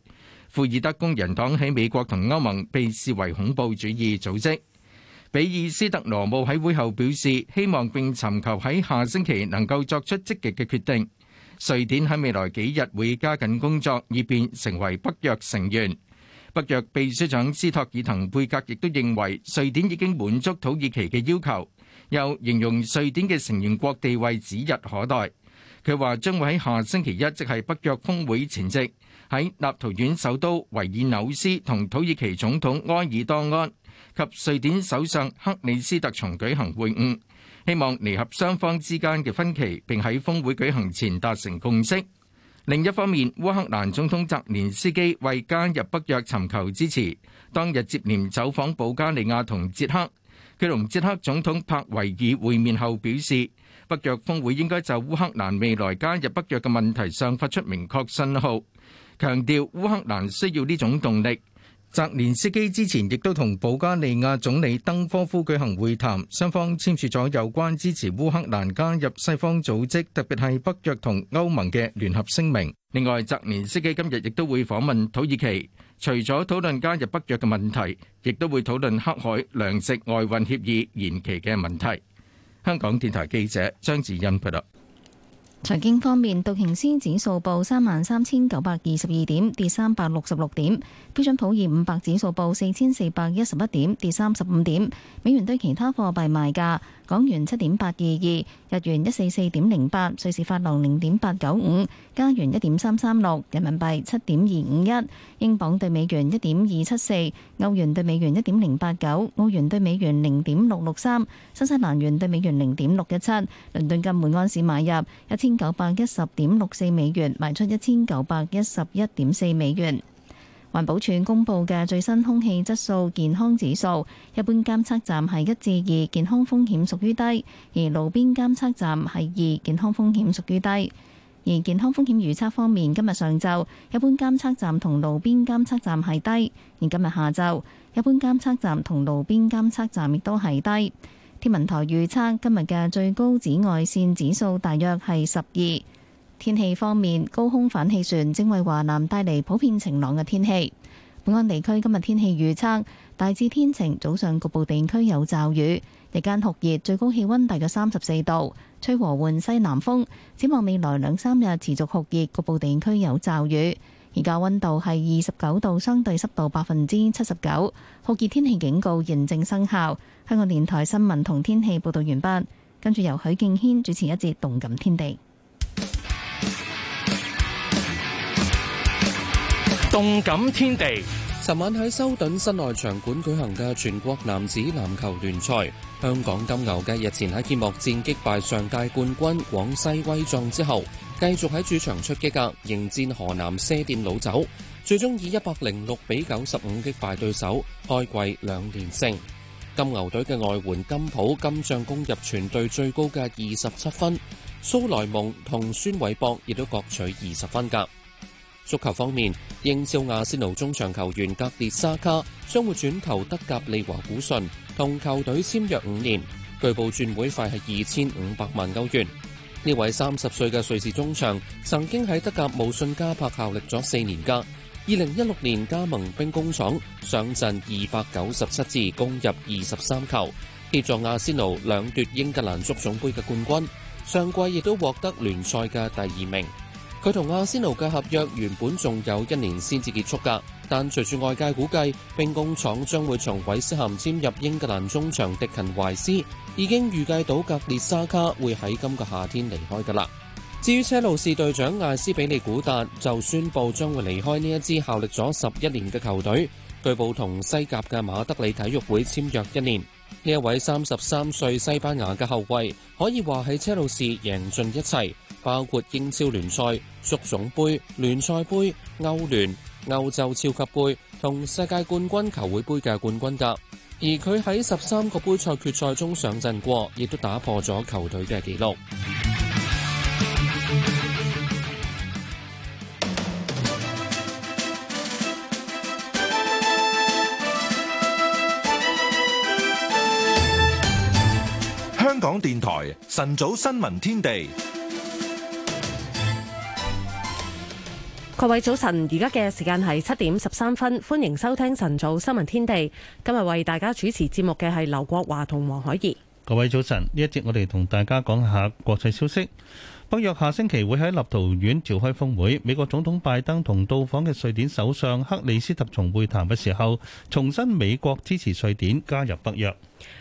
庫爾德工人黨喺美國同歐盟被視為恐怖主義組織。比爾斯特羅姆喺會後表示，希望並尋求喺下星期能夠作出積極嘅決定。瑞典喺未來幾日會加緊工作，以便成為北約成員。北約秘書長斯托爾滕貝格亦都認為瑞典已經滿足土耳其嘅要求，又形容瑞典嘅成員國地位指日可待。佢話將會喺下星期一，即係北約峯會前夕，喺立陶宛首都維爾紐斯同土耳其總統埃爾多安及瑞典首相克里斯特松舉行會晤，希望彌合雙方之間嘅分歧，並喺峯會舉行前達成共識。另一方面，烏克蘭總統澤連斯基為加入北約尋求支持，當日接連走訪保加利亞同捷克。佢同捷克總統帕維爾會面後表示，北約峰會應該就烏克蘭未來加入北約嘅問題上發出明確信號，強調烏克蘭需要呢種動力。澤連斯基之前亦都同保加利亞總理登科夫舉行會談，雙方簽署咗有關支持烏克蘭加入西方組織，特別係北約同歐盟嘅聯合聲明。另外，澤連斯基今日亦都會訪問土耳其，除咗討論加入北約嘅問題，亦都會討論黑海糧食外運協議延期嘅問題。香港電台記者張子欣報道。財經方面，道瓊斯指數報三萬三千九百二十二點，跌三百六十六點；標準普爾五百指數報四千四百一十一點，跌三十五點。美元對其他貨幣賣價。港元七點八二二，日元一四四點零八，瑞士法郎零點八九五，加元一點三三六，人民幣七點二五一，英鎊對美元一點二七四，歐元對美元一點零八九，澳元對美元零點六六三，新西蘭元對美元零點六一七。倫敦金每安士買入一千九百一十點六四美元，賣出一千九百一十一點四美元。環保署公布嘅最新空氣質素健康指數，一般監測站係一至二，健康風險屬於低；而路邊監測站係二，健康風險屬於低。而健康風險預測方面，今日上晝，一般監測站同路邊監測站係低，而今日下晝，一般監測站同路邊監測站亦都係低。天文台預測，今日嘅最高紫外線指數大約係十二。天氣方面，高空反氣旋正為華南帶嚟普遍晴朗嘅天氣。本港地區今日天氣預測大致天晴，早上局部地區有驟雨，日間酷熱，最高氣溫大約三十四度，吹和緩西南風。展望未來兩三日持續酷熱，局部地區有驟雨。而家溫度係二十九度，相對濕度百分之七十九，酷熱天氣警告現正生效。香港電台新聞同天氣報道完畢，跟住由許敬軒主持一節《動感天地》。動感天地，尋晚喺修頓室內場館舉行嘅全國男子籃球聯賽，香港金牛嘅日前喺揭幕戰擊敗上屆冠軍廣西威壯之後，繼續喺主場出擊噶，迎戰河南賒店老酒，最終以一百零六比九十五擊敗對手，開季兩連勝。金牛隊嘅外援金普金將攻入全隊最高嘅二十七分，蘇萊蒙同孫偉博亦都各取二十分噶。足球方面，英超阿仙奴中場球員格列沙卡將會轉投德甲利華古遜，同球隊簽約五年，據報轉會費係二千五百萬歐元。呢位三十歲嘅瑞士中場曾經喺德甲慕遜加柏效力咗四年，噶二零一六年加盟兵工廠，上陣二百九十七次，攻入二十三球，協助阿仙奴兩奪英格蘭足總盃嘅冠軍，上季亦都獲得聯賽嘅第二名。佢同阿仙奴嘅合約原本仲有一年先至結束噶，但隨住外界估計，兵工廠將會從韋斯咸簽入英格蘭中場迪勤懷斯，已經預計到格列沙卡會喺今個夏天離開噶啦。至於車路士隊長艾斯比利古達就宣布將會離開呢一支效力咗十一年嘅球隊，據報同西甲嘅馬德里體育會簽約一年。呢一位三十三歲西班牙嘅後衛，可以話喺車路士贏盡一切。包括英超聯賽、足總盃、聯賽盃、歐聯、歐洲超級盃同世界冠軍球會盃嘅冠軍格，而佢喺十三個盃賽決賽中上陣過，亦都打破咗球隊嘅紀錄。香港電台晨早新聞天地。各位早晨，而家嘅時間係七點十三分，歡迎收聽晨早新聞天地。今日為大家主持節目嘅係劉國華同黃海怡。各位早晨，呢一節我哋同大家講下國際消息。北約下星期會喺立陶宛召開峰會，美國總統拜登同到訪嘅瑞典首相克里斯特松會談嘅時候，重申美國支持瑞典加入北約。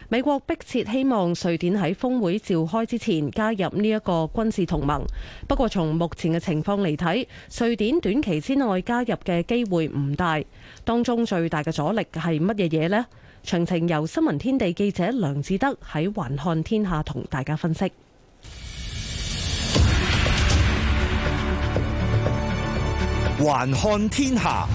美國迫切希望瑞典喺峰會召開之前加入呢一個軍事同盟，不過從目前嘅情況嚟睇，瑞典短期之內加入嘅機會唔大。當中最大嘅阻力係乜嘢嘢呢？詳情由新聞天地記者梁志德喺環看天下同大家分析。環看天下。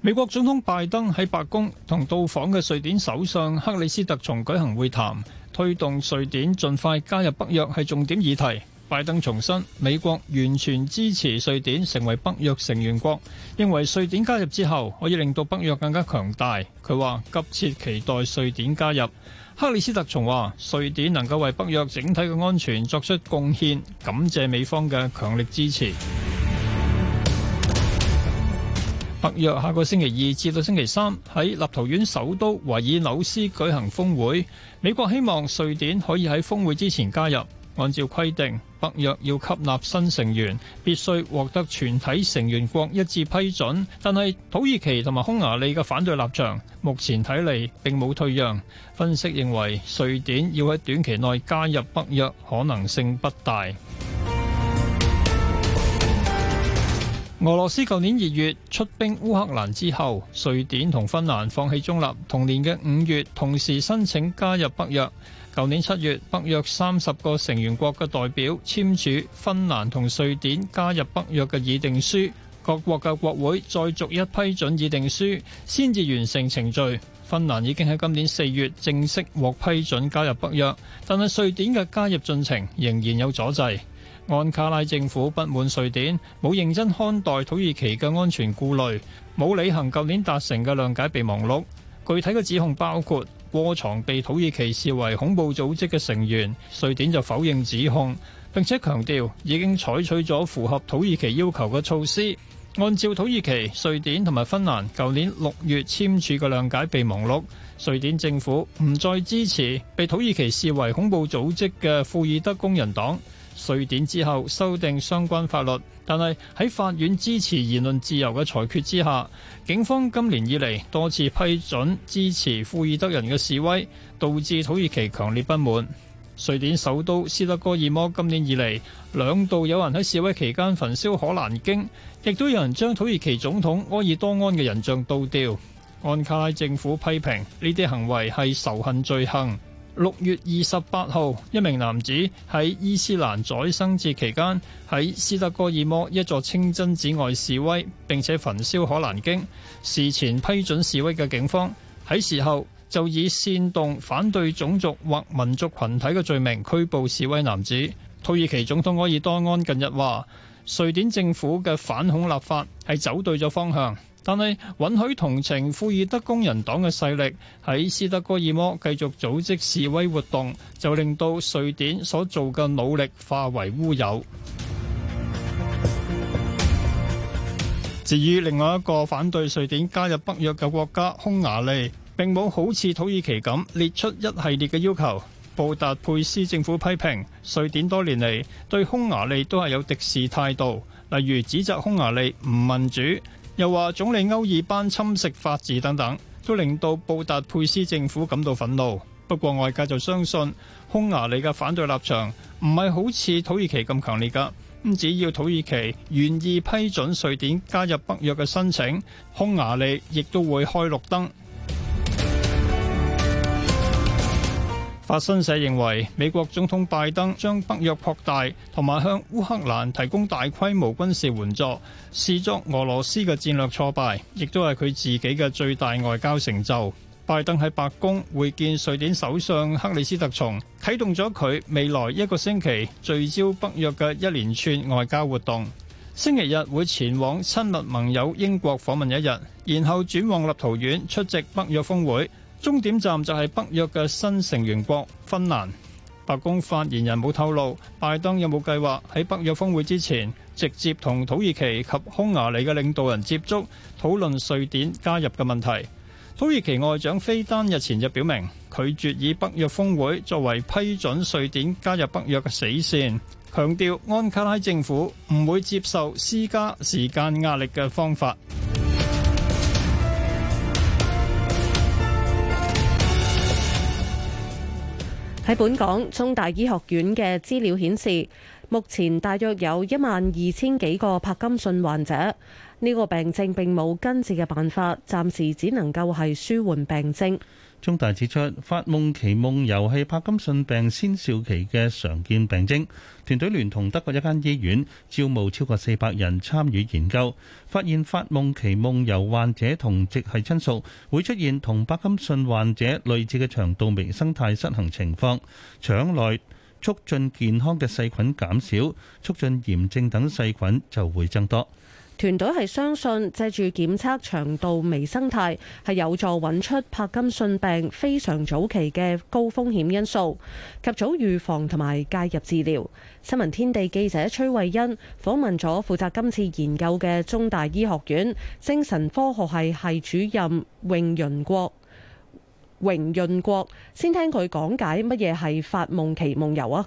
美國總統拜登喺白宮同到訪嘅瑞典首相克里斯特松舉行會談，推動瑞典盡快加入北約係重點議題。拜登重申，美國完全支持瑞典成為北約成員國，認為瑞典加入之後可以令到北約更加強大。佢話急切期待瑞典加入。克里斯特松話，瑞典能夠為北約整體嘅安全作出貢獻，感謝美方嘅強力支持。北約下個星期二至到星期三喺立陶宛首都維爾紐斯舉行峰會，美國希望瑞典可以喺峰會之前加入。按照規定，北約要吸納新成員，必須獲得全體成員國一致批准。但係土耳其同埋匈牙利嘅反對立場，目前睇嚟並冇退讓。分析認為，瑞典要喺短期內加入北約可能性不大。俄羅斯舊年二月出兵烏克蘭之後，瑞典同芬蘭放棄中立，同年嘅五月同時申請加入北約。舊年七月，北約三十個成員國嘅代表簽署芬蘭同瑞典加入北約嘅議定書，各國嘅國會再逐一批准議定書，先至完成程序。芬蘭已經喺今年四月正式獲批准加入北約，但係瑞典嘅加入進程仍然有阻滯。安卡拉政府不滿瑞典冇認真看待土耳其嘅安全顧慮，冇履行舊年達成嘅諒解備忘錄。具體嘅指控包括窩藏被土耳其視為恐怖組織嘅成員，瑞典就否認指控，並且強調已經採取咗符合土耳其要求嘅措施。按照土耳其、瑞典同埋芬蘭舊年六月簽署嘅諒解備忘錄，瑞典政府唔再支持被土耳其視為恐怖組織嘅庫爾德工人黨。瑞典之後修訂相關法律，但係喺法院支持言論自由嘅裁決之下，警方今年以嚟多次批准支持庫爾德人嘅示威，導致土耳其強烈不滿。瑞典首都斯德哥爾摩今年以嚟兩度有人喺示威期間焚燒可蘭經，亦都有人將土耳其總統埃爾多安嘅人像倒掉。安卡拉政府批評呢啲行為係仇恨罪行。六月二十八號，一名男子喺伊斯蘭宰牲節期間喺斯德哥爾摩一座清真寺外示威，並且焚燒可蘭經。事前批准示威嘅警方喺事後就以煽動反對種族或民族群體嘅罪名拘捕示威男子。土耳其總統埃爾多安近日話，瑞典政府嘅反恐立法係走對咗方向。但係允許同情庫爾德工人黨嘅勢力喺斯德哥爾摩繼續組織示威活動，就令到瑞典所做嘅努力化為烏有。 至於另外一個反對瑞典加入北約嘅國家匈牙利，並冇好似土耳其咁列出一系列嘅要求，布達佩斯政府批評瑞典多年嚟對匈牙利都係有敵視態度，例如指責匈牙利唔民主。又話總理歐爾班侵蝕法治等等，都令到布達佩斯政府感到憤怒。不過外界就相信，匈牙利嘅反對立場唔係好似土耳其咁強烈㗎。咁只要土耳其願意批准瑞典加入北約嘅申請，匈牙利亦都會開綠燈。法新社認為美國總統拜登將北約擴大同埋向烏克蘭提供大規模軍事援助，視作俄羅斯嘅戰略挫敗亦都係佢自己嘅最大外交成就。拜登喺白宮會見瑞典首相克里斯特松，啟動咗佢未來一個星期聚焦北約嘅一連串外交活動。星期日會前往親密盟友英國訪問一日，然後轉往立陶宛出席北約峰會。終點站就係北約嘅新成員國芬蘭。白宮發言人冇透露，拜登有冇計劃喺北約峰會之前直接同土耳其及匈，匈牙利嘅領導人接觸，討論瑞典加入嘅問題。土耳其外長菲丹日前就表明，拒絕以北約峰會作為批准瑞典加入北約嘅死線，強調安卡拉政府唔會接受施加時間壓力嘅方法。喺本港，中大醫學院嘅資料顯示，目前大約有一萬二千幾個柏金遜患者，呢、這個病症並冇根治嘅辦法，暫時只能夠係舒緩病症。中大指出，發夢期夢遊係帕金遜病先兆期嘅常見病徵，團隊聯同德國一間醫院，招募超過四百人參與研究，發現發夢期夢遊患者同直系親屬會出現同帕金遜患者類似嘅腸道微生態失衡情況，腸內促進健康嘅細菌減少，促進炎症等細菌就會增多。團隊係相信借住檢測腸道微生態，係有助揾出柏金遜病非常早期嘅高風險因素，及早預防同埋介入治療。新聞天地記者崔慧欣訪問咗負責今次研究嘅中大醫學院精神科學系系主任榮潤國。榮潤國先聽佢講解乜嘢係發夢期夢遊啊。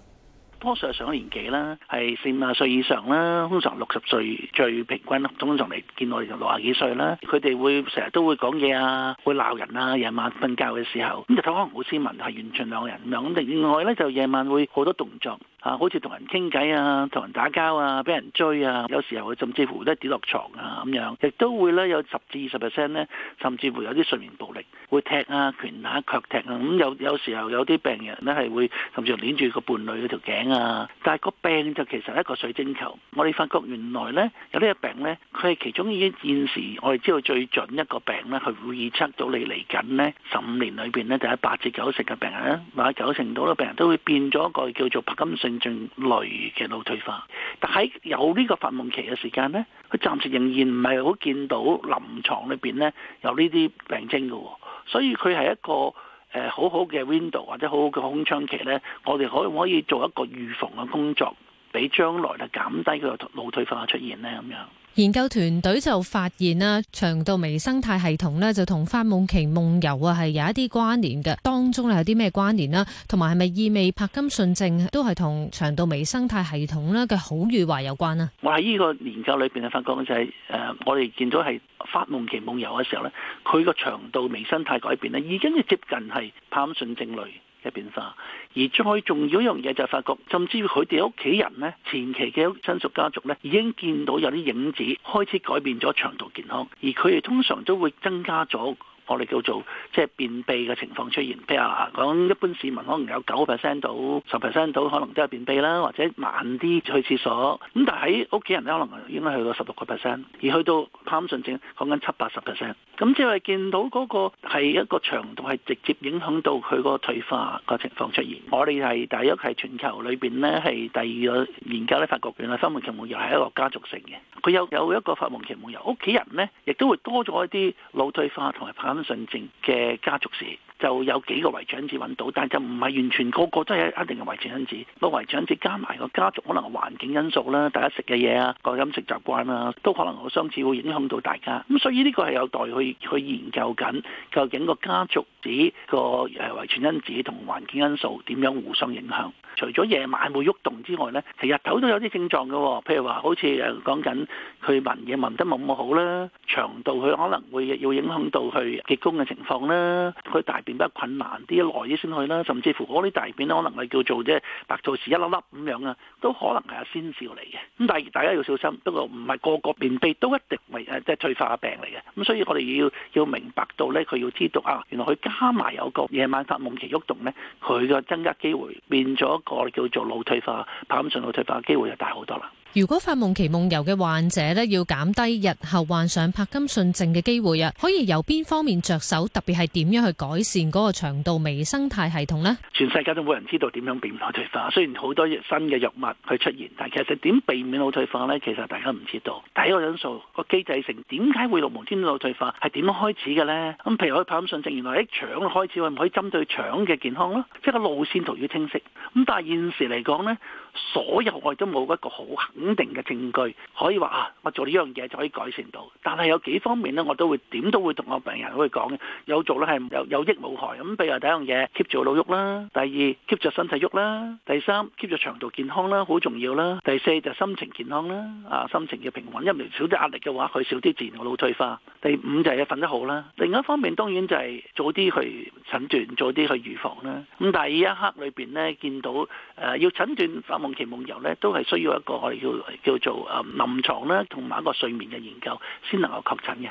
通常上咗年紀啦，係四五十歲以上啦，通常六十歲最平均啦，通常嚟見我哋就六廿幾歲啦。佢哋會成日都會講嘢啊，會鬧人啊，夜晚瞓覺嘅時候咁就睇可能好斯文，係完全兩個人咁。另外咧就夜晚會好多動作。啊，好似同人傾偈啊，同人打交啊，俾人追啊，有時候甚至乎都係跌落床啊咁樣，亦都會咧有十至二十 percent 咧，甚至乎有啲睡眠暴力，會踢啊、拳打、腳踢啊，咁、嗯、有有時候有啲病人咧係會甚至乎攆住個伴侶嗰條頸啊，但係個病就其實係一個水晶球，我哋發覺原來咧有呢個病咧，佢係其中已經現時我哋知道最準一個病咧，係會預測到你嚟緊呢十五年裏邊咧，就係八至九成嘅病人咧，或者九成到咧，病人都會變咗一個叫做柏金遜。進累嘅腦退化，但喺有呢個發夢期嘅時間咧，佢暫時仍然唔係好見到臨床裏邊咧有呢啲病徵噶，所以佢係一個誒好好嘅 window 或者好好嘅空窗期呢，我哋可唔可以做一個預防嘅工作，俾將來咧減低個腦退化嘅出現呢？咁樣？研究團隊就發現啦，腸道微生態系統咧就同發夢期夢遊啊係有一啲關聯嘅，當中咧有啲咩關聯啦？同埋係咪意味柏金遜症都係同腸道微生態系統咧嘅好與壞有關啊？我喺呢個研究裏邊啊，發覺就係誒，我哋見、就是、到係發夢期夢遊嘅時候咧，佢個腸道微生態改變咧已經係接近係柏金遜症類。嘅變化，而再重要一樣嘢就係發覺，甚至佢哋屋企人呢，前期嘅親屬家族呢，已經見到有啲影子開始改變咗腸道健康，而佢哋通常都會增加咗。我哋叫做即係便秘嘅情況出現，譬如講一般市民可能有九 percent 到十 percent 到，可能都有便秘啦，或者慢啲去廁所。咁但係喺屋企人咧，可能應該去到十六個 percent，而去到柏金遜症講緊七八十 percent。咁即係見到嗰個係一個長度，係直接影響到佢個退化嘅情況出現。我哋係大約係全球裏邊呢係第二個研究咧，發覺，原來發夢、期夢遊係一個家族性嘅，佢有有一個發夢、期夢遊，屋企人呢亦都會多咗一啲腦退化同埋很純情嘅家族史。 就有幾個遺傳因子揾到，但係就唔係完全個個都係一定嘅遺傳因子。個遺傳因子加埋個家族可能環境因素啦，大家食嘅嘢啊，個飲食習慣啦，都可能好相似會影響到大家。咁所以呢個係有待去去研究緊，究竟個家族史個誒遺傳因子同環境因素點樣互相影響。除咗夜晚會喐動，動之外呢，其實日頭都有啲症狀嘅、哦，譬如話好似誒講緊佢聞嘢聞得冇咁好啦，腸道佢可能會要影響到佢結宮嘅情況啦，佢大咁啊，困難啲，耐啲先去啦，甚至乎嗰啲大便咧，可能係叫做即係白兔屎一粒粒咁樣啊，都可能係先兆嚟嘅。咁但係大家要小心，不過唔係個個便秘都一定係誒即係退化病嚟嘅。咁所以我哋要要明白到咧，佢要知道啊，原來佢加埋有個夜晚發夢期喐動咧，佢嘅增加機會變咗一個叫做腦退化、柏金遜腦退化嘅機會就大好多啦。如果發夢期夢遊嘅患者咧要減低日後患上柏金遜症嘅機會啊，可以由邊方面着手？特別係點樣去改善嗰個腸道微生態系統呢？全世界都冇人知道點樣避免腦退化。雖然好多新嘅藥物去出現，但其實點避免腦退化呢？其實大家唔知道。第一個因素，個機制性點解會落夢天腦退化係點樣開始嘅呢？咁譬如話柏金遜症原來喺腸開始，我咪可以針對腸嘅健康咯。即係個路線圖要清晰。咁但係現時嚟講呢，所有我哋都冇一個好肯定嘅證據，可以話啊，我做呢樣嘢就可以改善到。但係有幾方面呢，我都會點都會同我病人去講嘅。有做咧係有有益冇害咁。譬如第一樣嘢，keep 住個腦喐啦；第二，keep 住身體喐啦；第三，keep 住腸道健康啦，好重要啦；第四就心情健康啦，啊心情嘅平穩，因為少啲壓力嘅話，佢少啲自然個腦退化。第五就係瞓得好啦。另一方面當然就係早啲去診斷，早啲去預防啦。咁但係呢一刻裏邊呢，見到誒、呃、要診斷。啊夢期夢遊呢都係需要一個我哋叫叫做誒臨床啦，同埋一個睡眠嘅研究，先能夠確診嘅。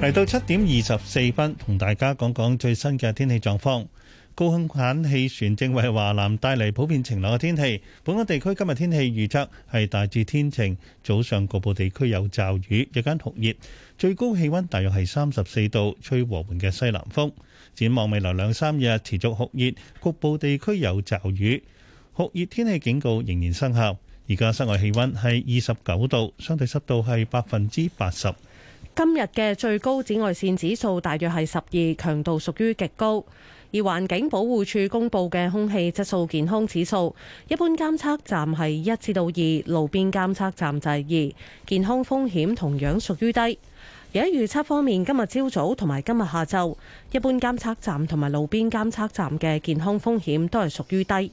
嚟到七點二十四分，同大家講講最新嘅天氣狀況。高空反氣旋正為華南帶嚟普遍晴朗嘅天氣。本港地區今日天、天氣預測係大致天晴，早上局部地區有驟雨，日間酷熱。最高氣溫大約係三十四度，吹和緩嘅西南風。展望未來兩三日持續酷熱，局部地區有驟雨。酷熱天氣警告仍然生效。而家室外氣溫係二十九度，相對濕度係百分之八十。今日嘅最高紫外線指數大約係十二，強度屬於極高。而環境保護署公布嘅空氣質素健康指數，一般監測站係一至到二，路邊監測站就係二，健康風險同樣屬於低。而喺預測方面，今日朝早同埋今日下晝，一般監測站同埋路邊監測站嘅健康風險都係屬於低。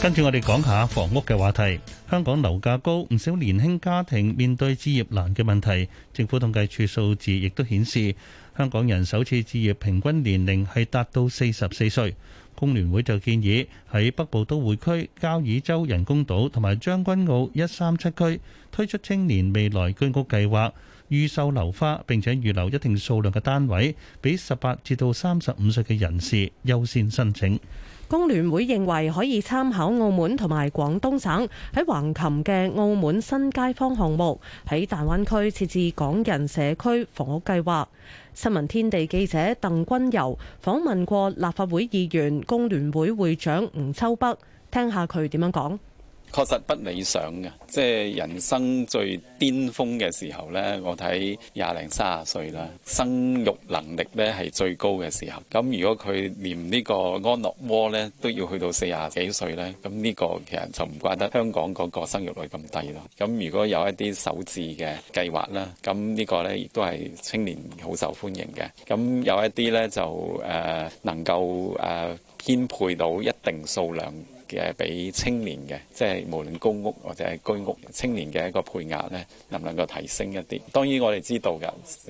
跟住我哋講下房屋嘅話題。香港樓價高，唔少年輕家庭面對置業難嘅問題。政府統計處數字亦都顯示，香港人首次置業平均年齡係達到四十四歲。工聯會就建議喺北部都會區、交椅洲人工島同埋將軍澳一三七區推出青年未來居屋計劃，預售樓花，並且預留一定數量嘅單位，俾十八至到三十五歲嘅人士優先申請。工聯會認為可以參考澳門同埋廣東省喺橫琴嘅澳門新街坊項目，喺大灣區設置港人社區房屋計劃。新聞天地記者鄧君遊訪問過立法會議員、工聯會會長吳秋北，聽下佢點樣講。確實不理想嘅，即係人生最巔峰嘅時候呢，我睇廿零三十歲啦，生育能力呢係最高嘅時候。咁如果佢連呢個安樂窩呢都要去到四十幾歲呢，咁呢個其實就唔怪得香港嗰個生育率咁低咯。咁如果有一啲首置嘅計劃啦，咁呢個呢亦都係青年好受歡迎嘅。咁有一啲呢，就誒、呃、能夠誒、呃、編配到一定數量。嘅俾青年嘅，即係無論公屋或者係居屋，青年嘅一個配額咧，能唔能夠提升一啲？當然我哋知道嘅，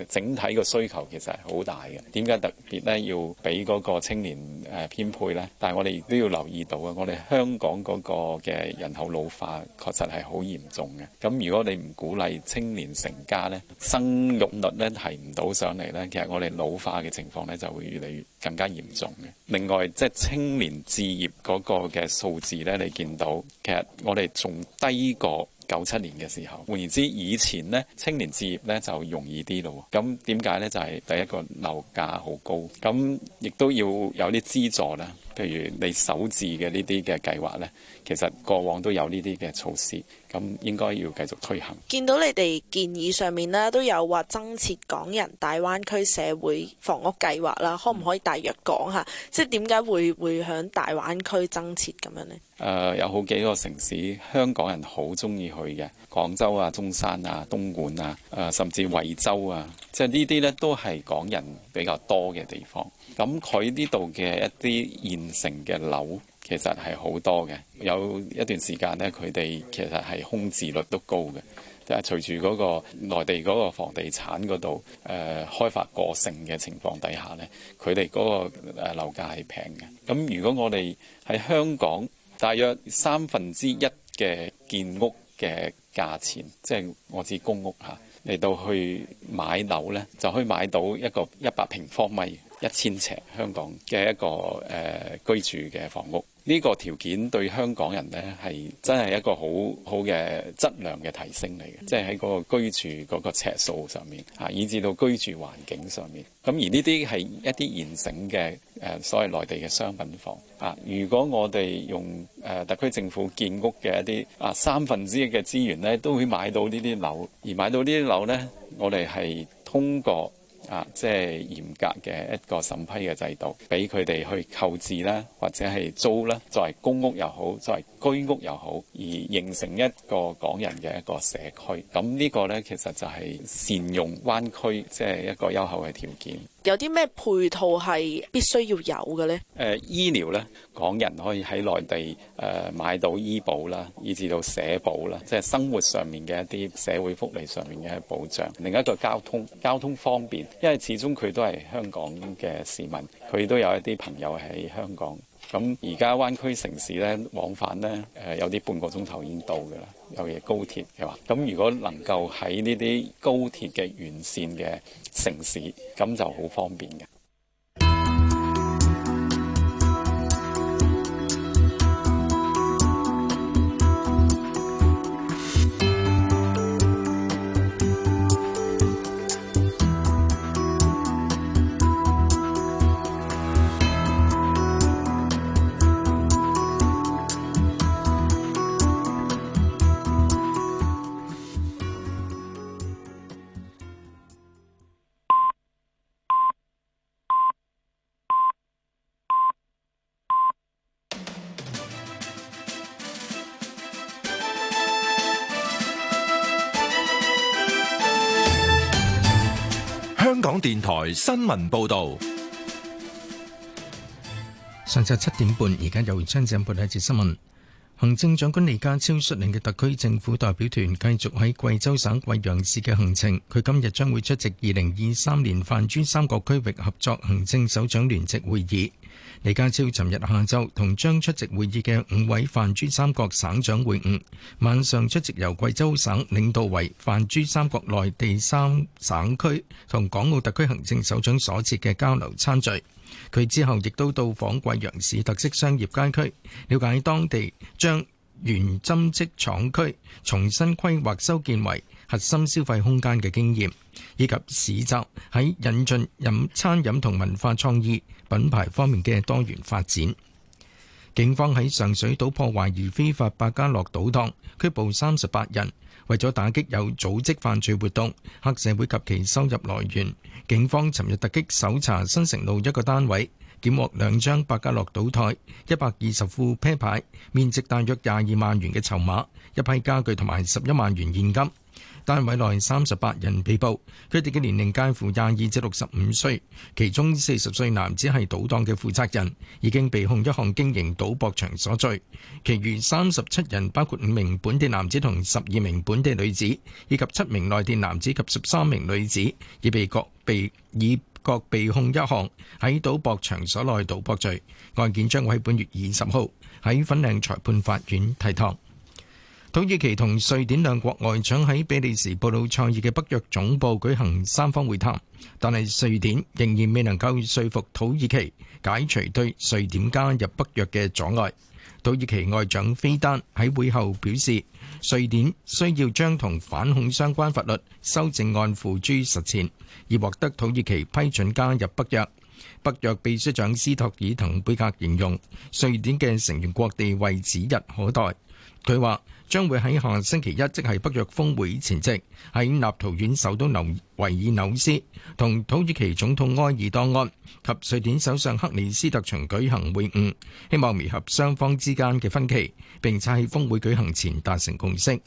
整體個需求其實係好大嘅。點解特別咧要俾嗰個青年誒編配？咧但係我哋亦都要留意到啊，我哋香港嗰個嘅人口老化確實係好嚴重嘅。咁如果你唔鼓勵青年成家咧，生育率咧提唔到上嚟咧，其實我哋老化嘅情況咧就會越嚟越更加嚴重嘅。另外即係青年置業嗰個嘅數字咧，你見到其實我哋仲低過九七年嘅時候。換言之，以前呢青年置業呢就容易啲咯。咁點解呢？就係第一個樓價好高，咁亦都要有啲資助啦。譬如你首置嘅呢啲嘅計劃呢，其實過往都有呢啲嘅措施，咁應該要繼續推行。見到你哋建議上面咧，都有話增設港人大灣區社會房屋計劃啦，可唔可以大約講下，嗯、即係點解會會響大灣區增設咁樣呢？誒、呃，有好幾個城市，香港人好中意去嘅，廣州啊、中山啊、東莞啊，誒、呃，甚至惠州啊，即係呢啲咧都係港人比較多嘅地方。咁佢呢度嘅一啲現成嘅樓其實係好多嘅。有一段時間咧，佢哋其實係空置率都高嘅。即係隨住嗰個內地嗰個房地產嗰度誒開發過剩嘅情況底下咧，佢哋嗰個誒樓價係平嘅。咁如果我哋喺香港，大約三分之一嘅建屋嘅價錢，即係我指公屋吓嚟到去買樓咧，就可以買到一個一百平方米。一千尺香港嘅一個誒、呃、居住嘅房屋，呢、這個條件對香港人呢，係真係一個好好嘅質量嘅提升嚟嘅，即係喺嗰個居住嗰個尺數上面，啊，以至到居住環境上面。咁而呢啲係一啲現成嘅誒、啊、所謂內地嘅商品房。啊，如果我哋用誒、啊、特區政府建屋嘅一啲啊三分之一嘅資源呢，都會買到呢啲樓，而買到呢啲樓呢，我哋係通過。啊，即係嚴格嘅一個審批嘅制度，俾佢哋去購置啦，或者係租啦，作為公屋又好，作為居屋又好，而形成一個港人嘅一個社區。咁呢個呢，其實就係善用灣區，即係一個優厚嘅條件。有啲咩配套係必須要有嘅呢？誒、呃、醫療咧，港人可以喺內地誒、呃、買到醫保啦，以至到社保啦，即係生活上面嘅一啲社會福利上面嘅保障。另一個交通，交通方便，因為始終佢都係香港嘅市民，佢都有一啲朋友喺香港。咁而家灣區城市咧，往返咧，誒，有啲半個鐘頭已經到噶啦，尤其係高鐵嘅話，咁如果能夠喺呢啲高鐵嘅沿線嘅城市，咁就好方便嘅。電台新聞報道，上晝七點半，而家由張政播呢次新聞。行政長官李家超率領嘅特區政府代表團繼續喺貴州省貴陽市嘅行程，佢今日將會出席二零二三年泛珠三角區域合作行政首長聯席會議。李家超尋日下晝同將出席會議嘅五位泛珠三角省長會晤，晚上出席由貴州省領導為泛珠三角內地三省區同港澳特區行政首長所設嘅交流餐聚。佢之後亦都到訪貴陽市特色商業街區，了解當地將原針織廠區重新規劃、修建為核心消費空間嘅經驗，以及市集喺引進飲餐飲同文化創意，品牌方面嘅多元發展。警方喺上水島破壞而非法百家樂賭檔拘捕三十八人。為咗打擊有組織犯罪活動黑社會及其收入來源，警方尋日突擊搜查新城路一個單位，檢獲兩張百家樂賭台、一百二十副啤牌、面值大約廿二萬元嘅籌碼一批、家具同埋十一萬元現金。單位內三十八人被捕，佢哋嘅年齡介乎廿二至六十五歲，其中四十歲男子係賭檔嘅負責人，已經被控一項經營賭博場所罪。其餘三十七人，包括五名本地男子同十二名本地女子，以及七名內地男子及十三名女子，已被各被以各被控一項喺賭博場所內賭博罪。案件將會喺本月二十號喺粉嶺裁判法院提堂。土耳其同瑞典兩國外長喺比利時布魯塞爾嘅北約總部舉行三方會談，但係瑞典仍然未能夠説服土耳其解除對瑞典加入北約嘅阻礙。土耳其外長菲丹喺會後表示，瑞典需要將同反恐相關法律修正案付諸實踐，以獲得土耳其批准加入北約。北約秘書長斯托爾滕貝格形容瑞典嘅成員國地位指日可待。佢話，將會喺下星期一，即係北約峯會前夕，喺立陶宛首都維爾紐斯同土耳其總統埃爾多安及瑞典首相克里斯特松舉行會晤，希望彌合雙方之間嘅分歧，並且喺在峯會舉行前達成共識。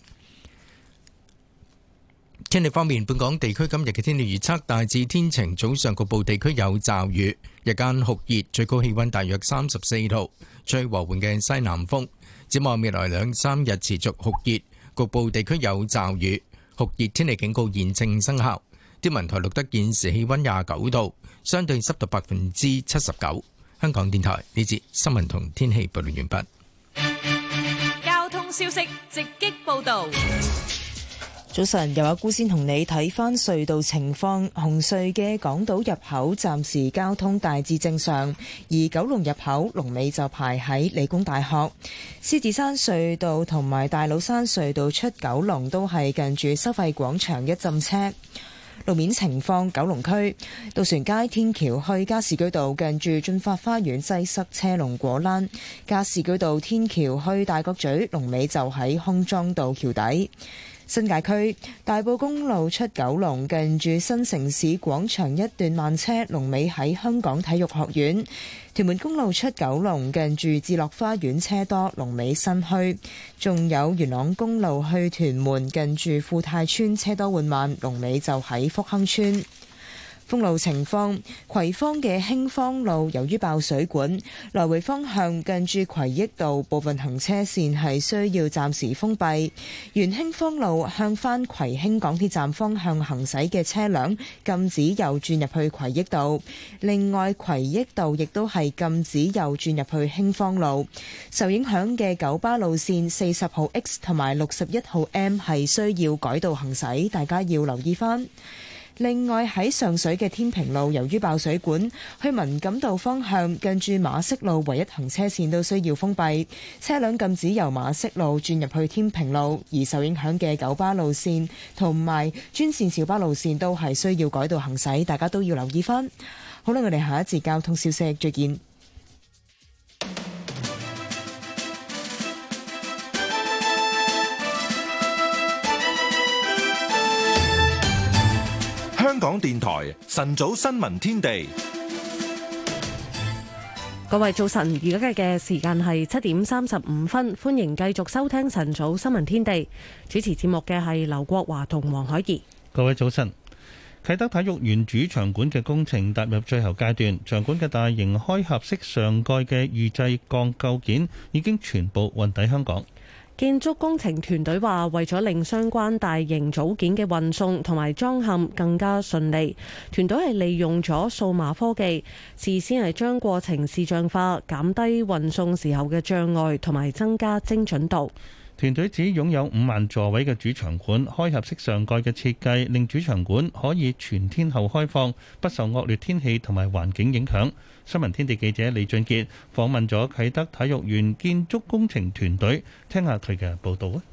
天氣方面，本港地區今日嘅天氣預測大致天晴，早上局部地區有驟雨，日間酷熱，最高氣温大約三十四度，吹和緩嘅西南風。展望未來兩三日持續酷熱，局部地區有驟雨，酷熱天氣警告現正生效。天文台錄得現時氣溫廿九度，相對濕度百分之七十九。香港電台呢節新聞同天氣報道完畢。交通消息直擊報道。早晨，有阿姑先同你睇翻隧道情況。紅隧嘅港島入口暫時交通大致正常，而九龍入口龍尾就排喺理工大學。獅子山隧道同埋大老山隧道出九龍都係近住收費廣場一浸車。路面情況。九龍區渡船街天橋去加士居道近住駿發花園擠塞車龍果欄，加士居道天橋去大角咀龍尾就喺康莊道橋底。新界區大埔公路出九龍近住新城市廣場一段慢車，龍尾喺香港體育學院；屯門公路出九龍近住置樂花園車多，龍尾新墟；仲有元朗公路去屯門近住富泰村車多緩慢，龍尾就喺福亨村。封路情況，葵芳嘅興芳路由於爆水管，來回方向近住葵益道，部分行車線係需要暫時封閉，原興芳路向返葵興港鐵站方向行駛嘅車輛禁止右轉入去葵益道，另外葵益道亦都係禁止右轉入去興芳路，受影響嘅九巴路線40號 X 同埋61號 M 係需要改道行駛，大家要留意番。另外喺上水嘅天平路，由於爆水管，去文錦道方向近住馬適路唯一行車線都需要封閉，車輛禁止由馬適路轉入去天平路，而受影響嘅九巴路線同埋專線小巴路線都係需要改道行駛，大家都要留意翻。好啦，我哋下一節交通消息再見。港電台晨早新聞天地，各位早晨，而家嘅時間係七點三十五分，歡迎繼續收聽晨早新聞天地。主持節目嘅係劉國華同黃海怡。各位早晨，啟德體育園主場館嘅工程踏入最後階段，場館嘅大型開合式上蓋嘅預製鋼構件已經全部運抵香港。建築工程團隊話，為咗令相關大型組件嘅運送同埋裝嵌更加順利，團隊係利用咗數碼科技，事先係將過程視像化，減低運送時候嘅障礙同埋增加精準度。團隊只擁有五萬座位嘅主場館，開合式上蓋嘅設計令主場館可以全天候開放，不受惡劣天氣同埋環境影響。新聞天地記者李俊杰訪問咗啟德體育園建築工程團隊，聽下佢嘅報道啊！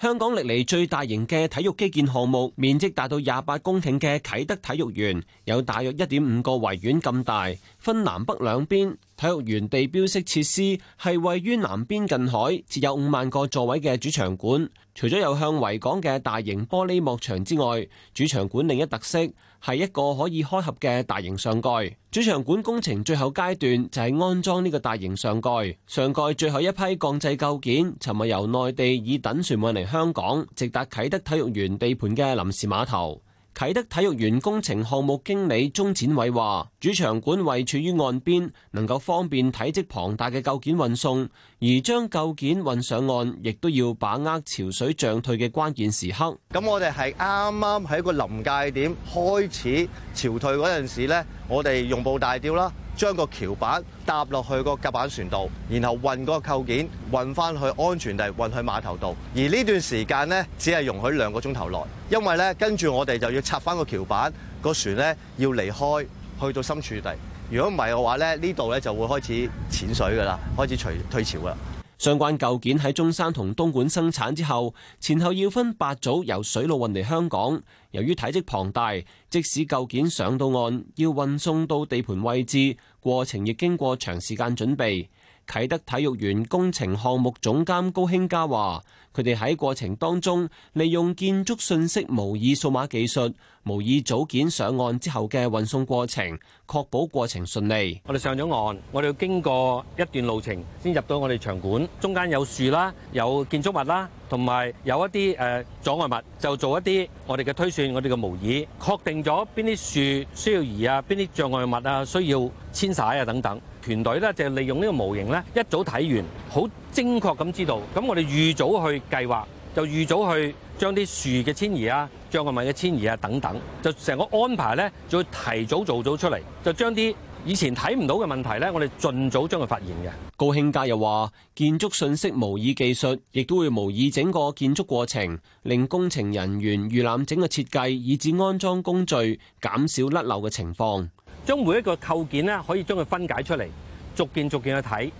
香港歷嚟最大型嘅體育基建項目，面積達到廿八公頃嘅啟德體育園，有大約一點五個維園咁大，分南北兩邊。體育園地標式設施係位於南邊近海，設有五萬個座位嘅主場館。除咗有向維港嘅大型玻璃幕牆之外，主場館另一特色。係一個可以開合嘅大型上蓋，主場館工程最後階段就係安裝呢個大型上蓋。上蓋最後一批鋼製構件尋日由內地以躉船運嚟香港，直達啟德體育園地盤嘅臨時碼頭。啟德體育園工程項目經理鐘展偉話：主場館位處於岸邊，能夠方便體積龐大嘅構件運送，而將構件運上岸，亦都要把握潮水漲退嘅關鍵時刻。咁我哋係啱啱喺一個臨界點開始潮退嗰陣時呢，我哋用部大吊啦。將個橋板搭落去個甲板船度，然後運個構件運翻去安全地，運去碼頭度。而呢段時間呢，只係容許兩個鐘頭內，因為呢，跟住我哋就要拆翻個橋板，個船呢要離開去到深處地。如果唔係嘅話呢，呢度呢就會開始淺水㗎啦，開始除退潮㗎啦。相關構件喺中山同東莞生產之後，前後要分八組由水路運嚟香港。由於體積龐大，即使構件上到岸，要運送到地盤位置，過程亦經過長時間準備。啟德體育園工程項目總監高興嘉話。佢哋喺過程當中，利用建築信息模擬數碼技術，模擬組件上岸之後嘅運送過程，確保過程順利。我哋上咗岸，我哋要經過一段路程先入到我哋場館，中間有樹啦，有建築物啦，同埋有一啲誒阻礙物，就做一啲我哋嘅推算，我哋嘅模擬，確定咗邊啲樹需要移啊，邊啲障礙物啊需要遷徙啊等等。團隊咧就利用呢個模型咧，一早睇完好精確咁知道，咁我哋預早去計劃，就預早去將啲樹嘅遷移啊、障礙物嘅遷移啊等等，就成個安排咧，就會提早做咗出嚟，就將啲以前睇唔到嘅問題咧，我哋盡早將佢發現嘅。高興介又話：建築信息模擬技術亦都會模擬整個建築過程，令工程人員預覽整個設計以至安裝工序，減少甩漏嘅情況。將每一個構件呢，可以將佢分解出嚟，逐件逐件去睇，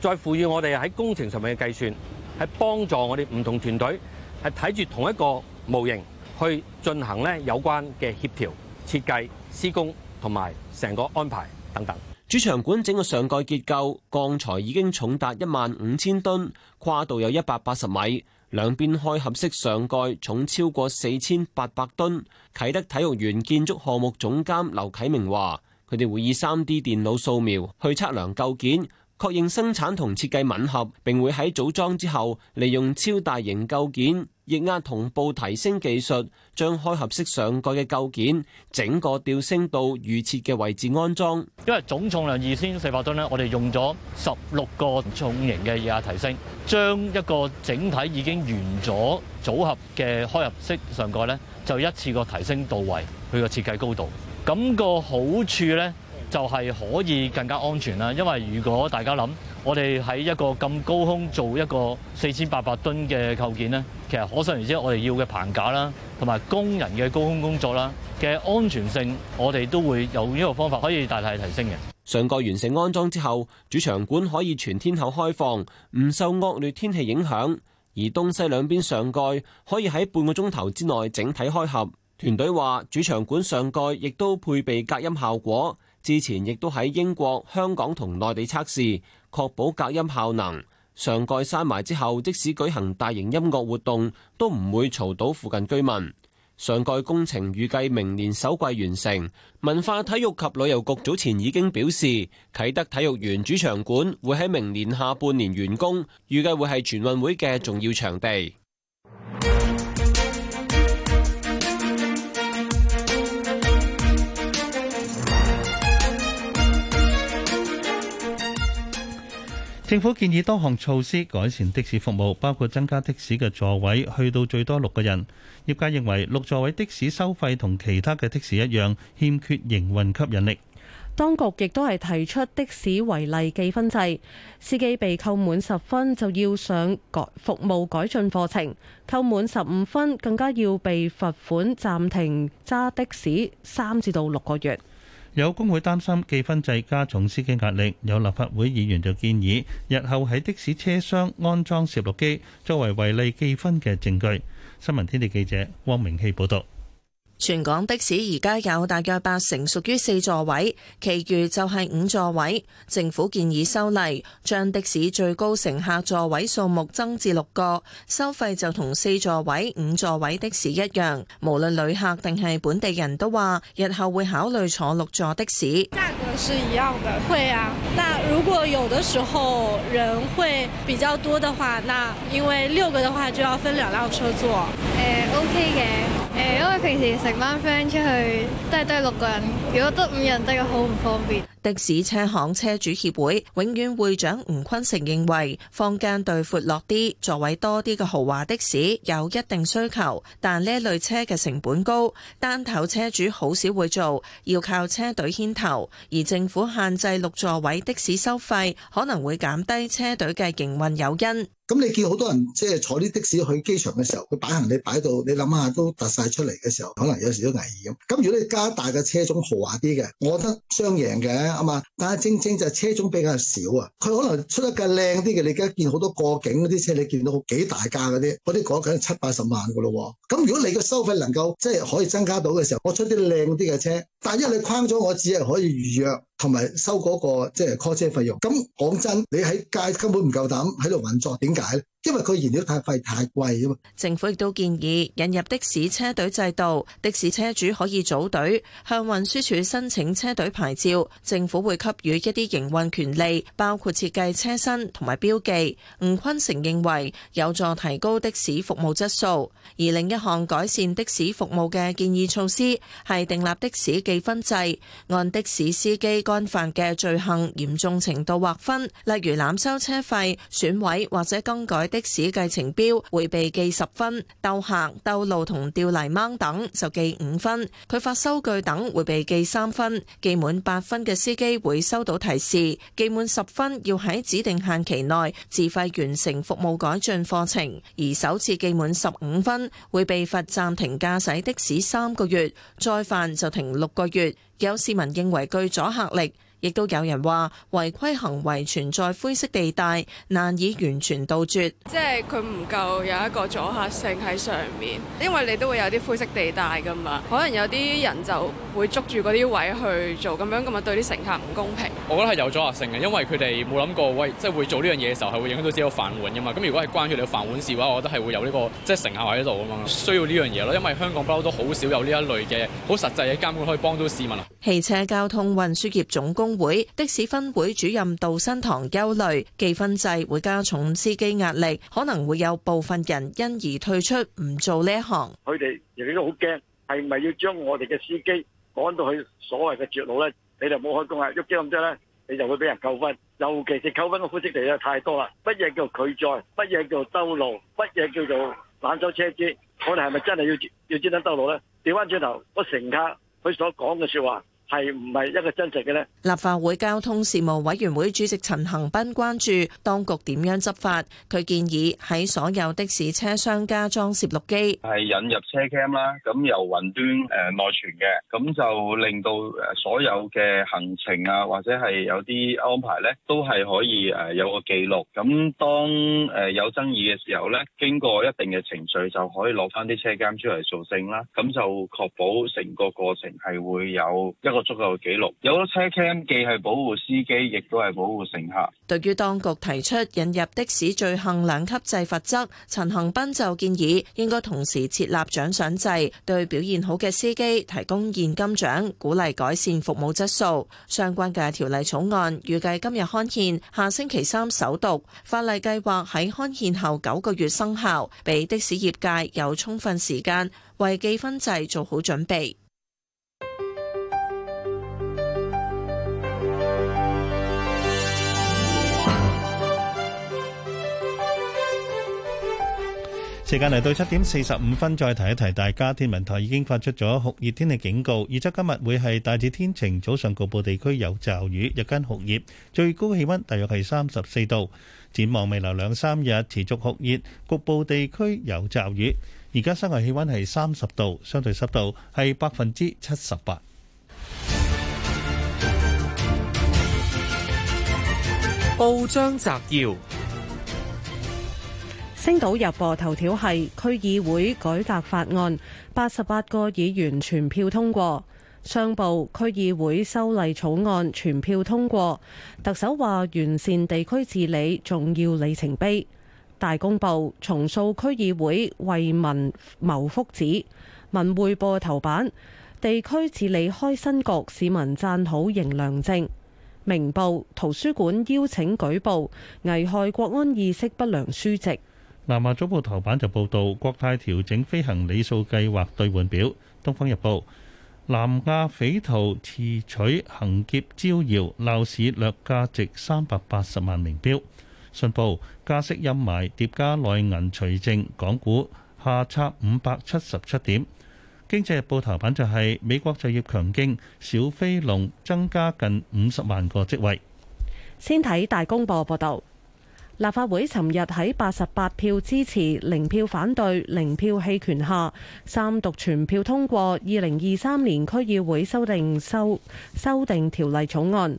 再賦予我哋喺工程上面嘅計算，係幫助我哋唔同團隊係睇住同一個模型去進行呢有關嘅協調、設計、施工同埋成個安排等等。主場館整個上蓋結構鋼材已經重達一萬五千噸，跨度有一百八十米，兩邊開合式上蓋重超過四千八百噸。啟德體育園建築項目總監劉啟明話。佢哋會以三 D 電腦掃描去測量構件，確認生產同設計吻合。並會喺組裝之後，利用超大型構件液壓同步提升技術，將開合式上蓋嘅構件整個吊升到預設嘅位置安裝。因為總重量二千四百噸呢，我哋用咗十六個重型嘅液壓提升，將一個整體已經完咗組合嘅開合式上蓋呢，就一次過提升到位佢個設計高度。咁個好處咧，就係可以更加安全啦。因為如果大家諗，我哋喺一個咁高空做一個四千八百噸嘅構件呢，其實可想而知，我哋要嘅棚架啦，同埋工人嘅高空工作啦嘅安全性，我哋都會有呢個方法可以大大提升嘅。上蓋完成安裝之後，主場館可以全天候開放，唔受惡劣天氣影響，而東西兩邊上蓋可以喺半個鐘頭之內整體開合。團隊話，主場館上蓋亦都配備隔音效果，之前亦都喺英國、香港同內地測試，確保隔音效能。上蓋閂埋之後，即使舉行大型音樂活動，都唔會嘈到附近居民。上蓋工程預計明年首季完成。文化體育及旅遊局早前已經表示，啟德體育園主場館會喺明年下半年完工，預計會係全運會嘅重要場地。政府建議多項措施改善的士服務，包括增加的士嘅座位去到最多六個人。業界認為，六座位的士收費同其他嘅的士一樣，欠缺營運吸引力。當局亦都提出的士違例記分制，司機被扣滿十分就要上服務改進課程，扣滿十五分更加要被罰款暫停揸的士三至到六個月。有工會擔心記分制加重司機壓力，有立法會議員就建議，日後喺的士車廂安裝攝錄機，作為違例記分嘅證據。新聞天地記者汪明熙報道。全港的士而家有大約八成屬於四座位，其餘就係五座位。政府建議修例，將的士最高乘客座位數目增至六個，收費就同四座位、五座位的士一樣。無論旅客定係本地人都話，日後會考慮坐六座的士。價格是一樣的，會啊。那如果有的時候人會比較多的話，那因為六個的話就要分兩輛車坐。誒、欸，OK 嘅。因為平時成班 friend 出去都係得六個人，如果得五人真係好唔方便。的士車行車主協會永遠會長吳坤成認為，坊間對闊落啲、座位多啲嘅豪華的士有一定需求，但呢一類車嘅成本高，單頭車主好少會做，要靠車隊牽頭。而政府限制六座位的士收費，可能會減低車隊嘅營運誘因。咁你見好多人即係坐啲的士去機場嘅時候，佢擺行李擺到你諗下都凸晒出嚟嘅時候，可能有時都危險。咁如果你加大嘅車種豪華啲嘅，我覺得雙贏嘅啊嘛。但係正正就係車種比較少啊，佢可能出得架靚啲嘅。你而家見好多過境嗰啲車，你見到幾大架嗰啲，嗰啲講緊七八十萬噶咯喎。咁如果你嘅收費能夠即係、就是、可以增加到嘅時候，我出啲靚啲嘅車，但係因為你框咗我，我只係可以預約。同埋收嗰個即係 call 車費用，咁講真，你喺街根本唔夠膽喺度運作，點解咧？因為佢燃料太費太貴啊！政府亦都建議引入的士車隊制度，的士車主可以組隊向運輸署申請車隊牌照，政府會給予一啲營運權利，包括設計車身同埋標記。吳坤成認為有助提高的士服務質素。而另一項改善的士服務嘅建議措施係訂立的士記分制，按的士司機干犯嘅罪行嚴重程度劃分，例如濫收車費、損毀或者更改的士計程表會被記十分，兜客、兜路同釣泥鯭等就記五分；拒發收據等會被記三分。記滿八分嘅司機會收到提示，記滿十分要喺指定限期內自費完成服務改進課程。而首次記滿十五分會被罰暫停駕駛的士三個月，再犯就停六個月。有市民認為具阻嚇力。亦都有人話違規行為存在灰色地帶，難以完全杜絕。即係佢唔夠有一個阻嚇性喺上面，因為你都會有啲灰色地帶㗎嘛。可能有啲人就會捉住嗰啲位去做，咁樣咁咪對啲乘客唔公平。我覺得係有阻嚇性嘅，因為佢哋冇諗過，喂，即係會做呢樣嘢嘅時候係會影響到自己個飯碗㗎嘛。咁如果係關住你嘅飯碗事嘅話，我覺得係會有呢個即係乘客喺度啊嘛。需要呢樣嘢咯，因為香港不嬲都好少有呢一類嘅好實際嘅監管可以幫到市民。汽車交通運輸業總工會的士分會主任杜新堂憂慮記分制會加重司機壓力，可能會有部分人因而退出唔做呢一行。佢哋亦都好驚，係咪要將我哋嘅司機趕到去所謂嘅絕路咧？你就冇開工啦，啊，喐機咁多咧，你就會俾人扣分。尤其是扣分嘅灰色地又太多啦。乜嘢叫拒載？乜嘢叫兜路？乜嘢叫做濫收車資？我哋係咪真係要要專登兜路咧？調翻轉頭，個乘客佢所講嘅說話。係唔係一個真實嘅咧？立法會交通事務委員會主席陳恒鑌關注當局點樣執法，佢建議喺所有的士車廂加裝攝錄機，係引入車 cam 啦，咁由雲端誒內存嘅，咁就令到誒所有嘅行程啊，或者係有啲安排咧，都係可以誒有個記錄。咁當誒有爭議嘅時候咧，經過一定嘅程序就可以攞翻啲車 cam 出嚟做證啦。咁就確保成個過程係會有一個。有咗車 cam 既係保護司機，亦都係保護乘客。對於當局提出引入的士罪行兩級制罰則，陳恒斌就建議應該同時設立獎賞制，對表現好嘅司機提供現金獎，鼓勵改善服務質素。相關嘅條例草案預計今日刊憲，下星期三首讀。法例計劃喺刊憲後九個月生效，俾的士業界有充分時間為記分制做好準備。時間嚟到七點四十五分，再提一提大家，天文台已經發出咗酷熱天氣警告。預測今日會係大致天晴，早上局部地區有驟雨，日間酷熱，最高氣温大約係三十四度。展望未來兩三日持續酷熱，局部地區有驟雨。而家室外氣温係三十度，相對濕度係百分之七十八。報章摘要。星島日報頭條係區議會改革法案，八十八個議員全票通過。商報區議會修例草案全票通過，特首話完善地區治理重要里程碑。大公報重塑區議會為民謀福祉。文匯報頭版地區治理開新局，市民讚好迎良政。明報圖書館邀請舉報危害國安意識不良書籍。南亞早報頭版就報道國泰調整飛行里數計劃兌換表。東方日報，南亞匪徒持取行劫招搖鬧市掠價值三百八十萬名表。信報加息陰霾疊加內銀除證，港股下挫五百七十七點。經濟日報頭版就係美國就業強勁，小飛龍增加近五十萬個職位。先睇大公報報道。立法會尋日喺八十八票支持、零票反對、零票棄權下，三讀全票通過《二零二三年區議會修訂修修訂條例草案》。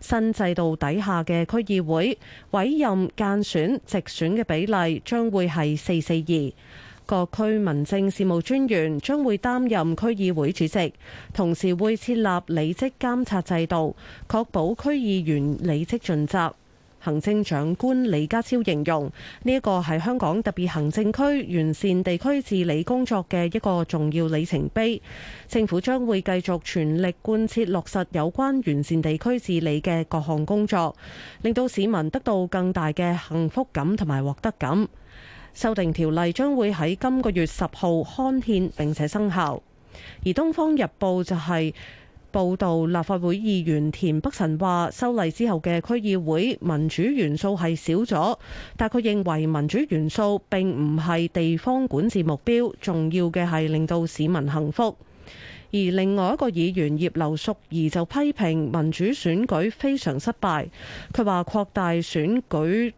新制度底下嘅區議會委任、間選、直選嘅比例將會係四四二。各區民政事務專員將會擔任區議會主席，同時會設立履職監察制度，確保區議員履職盡責。行政長官李家超形容呢一個係香港特別行政區完善地區治理工作嘅一個重要里程碑。政府將會繼續全力貫徹落實有關完善地區治理嘅各項工作，令到市民得到更大嘅幸福感同埋獲得感。修訂條例將會喺今個月十號刊憲，並且生效。而《東方日報》就係、是。報道，立法會議員田北辰話，修例之後嘅區議會民主元素係少咗，但佢認為民主元素並唔係地方管治目標，重要嘅係令到市民幸福。而另外一個議員葉劉淑儀就批評民主選舉非常失敗，佢話擴大選舉。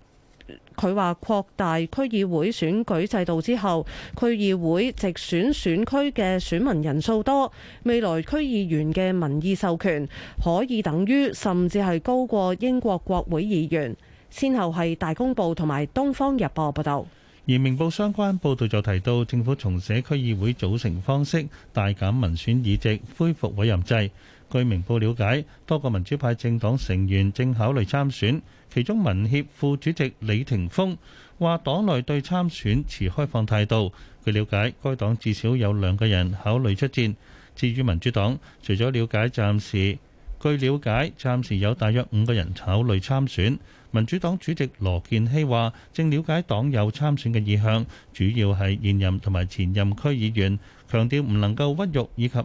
佢話擴大區議會選舉制度之後，區議會直選選區嘅選民人數多，未來區議員嘅民意授權可以等於甚至係高過英國國會議員。先後係大公報同埋《東方日報》報道。而明報相關報導就提到，政府重寫區議會組成方式，大減民選議席，恢復委任制。據明報了解，多個民主派政黨成員正考慮參選。其中民協副主席李霆鋒話：黨內對參選持開放態度。據了解，該黨至少有兩個人考慮出戰。至於民主黨，除咗了，了解暫，暫時據了解，暫時有大約五個人考慮參選。民主黨主席羅健熙話：正了解黨友參選嘅意向，主要係現任同埋前任區議員。強調唔能夠屈辱以及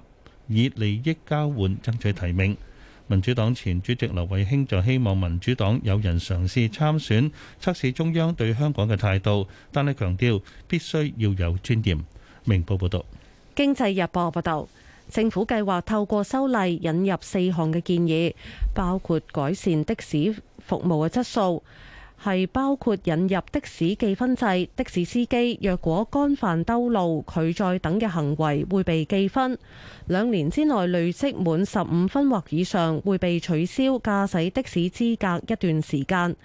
以利益交換爭取提名。民主黨前主席劉慧卿就希望民主黨有人嘗試參選，測試中央對香港嘅態度，但係強調必須要有尊嚴。明報報道，經濟日報報道，政府計劃透過修例引入四項嘅建議，包括改善的士服務嘅質素。係包括引入的士記分制，的士司機若果干犯兜路拒載等嘅行為會被記分，兩年之內累積滿十五分或以上會被取消駕駛的士資格一段時間。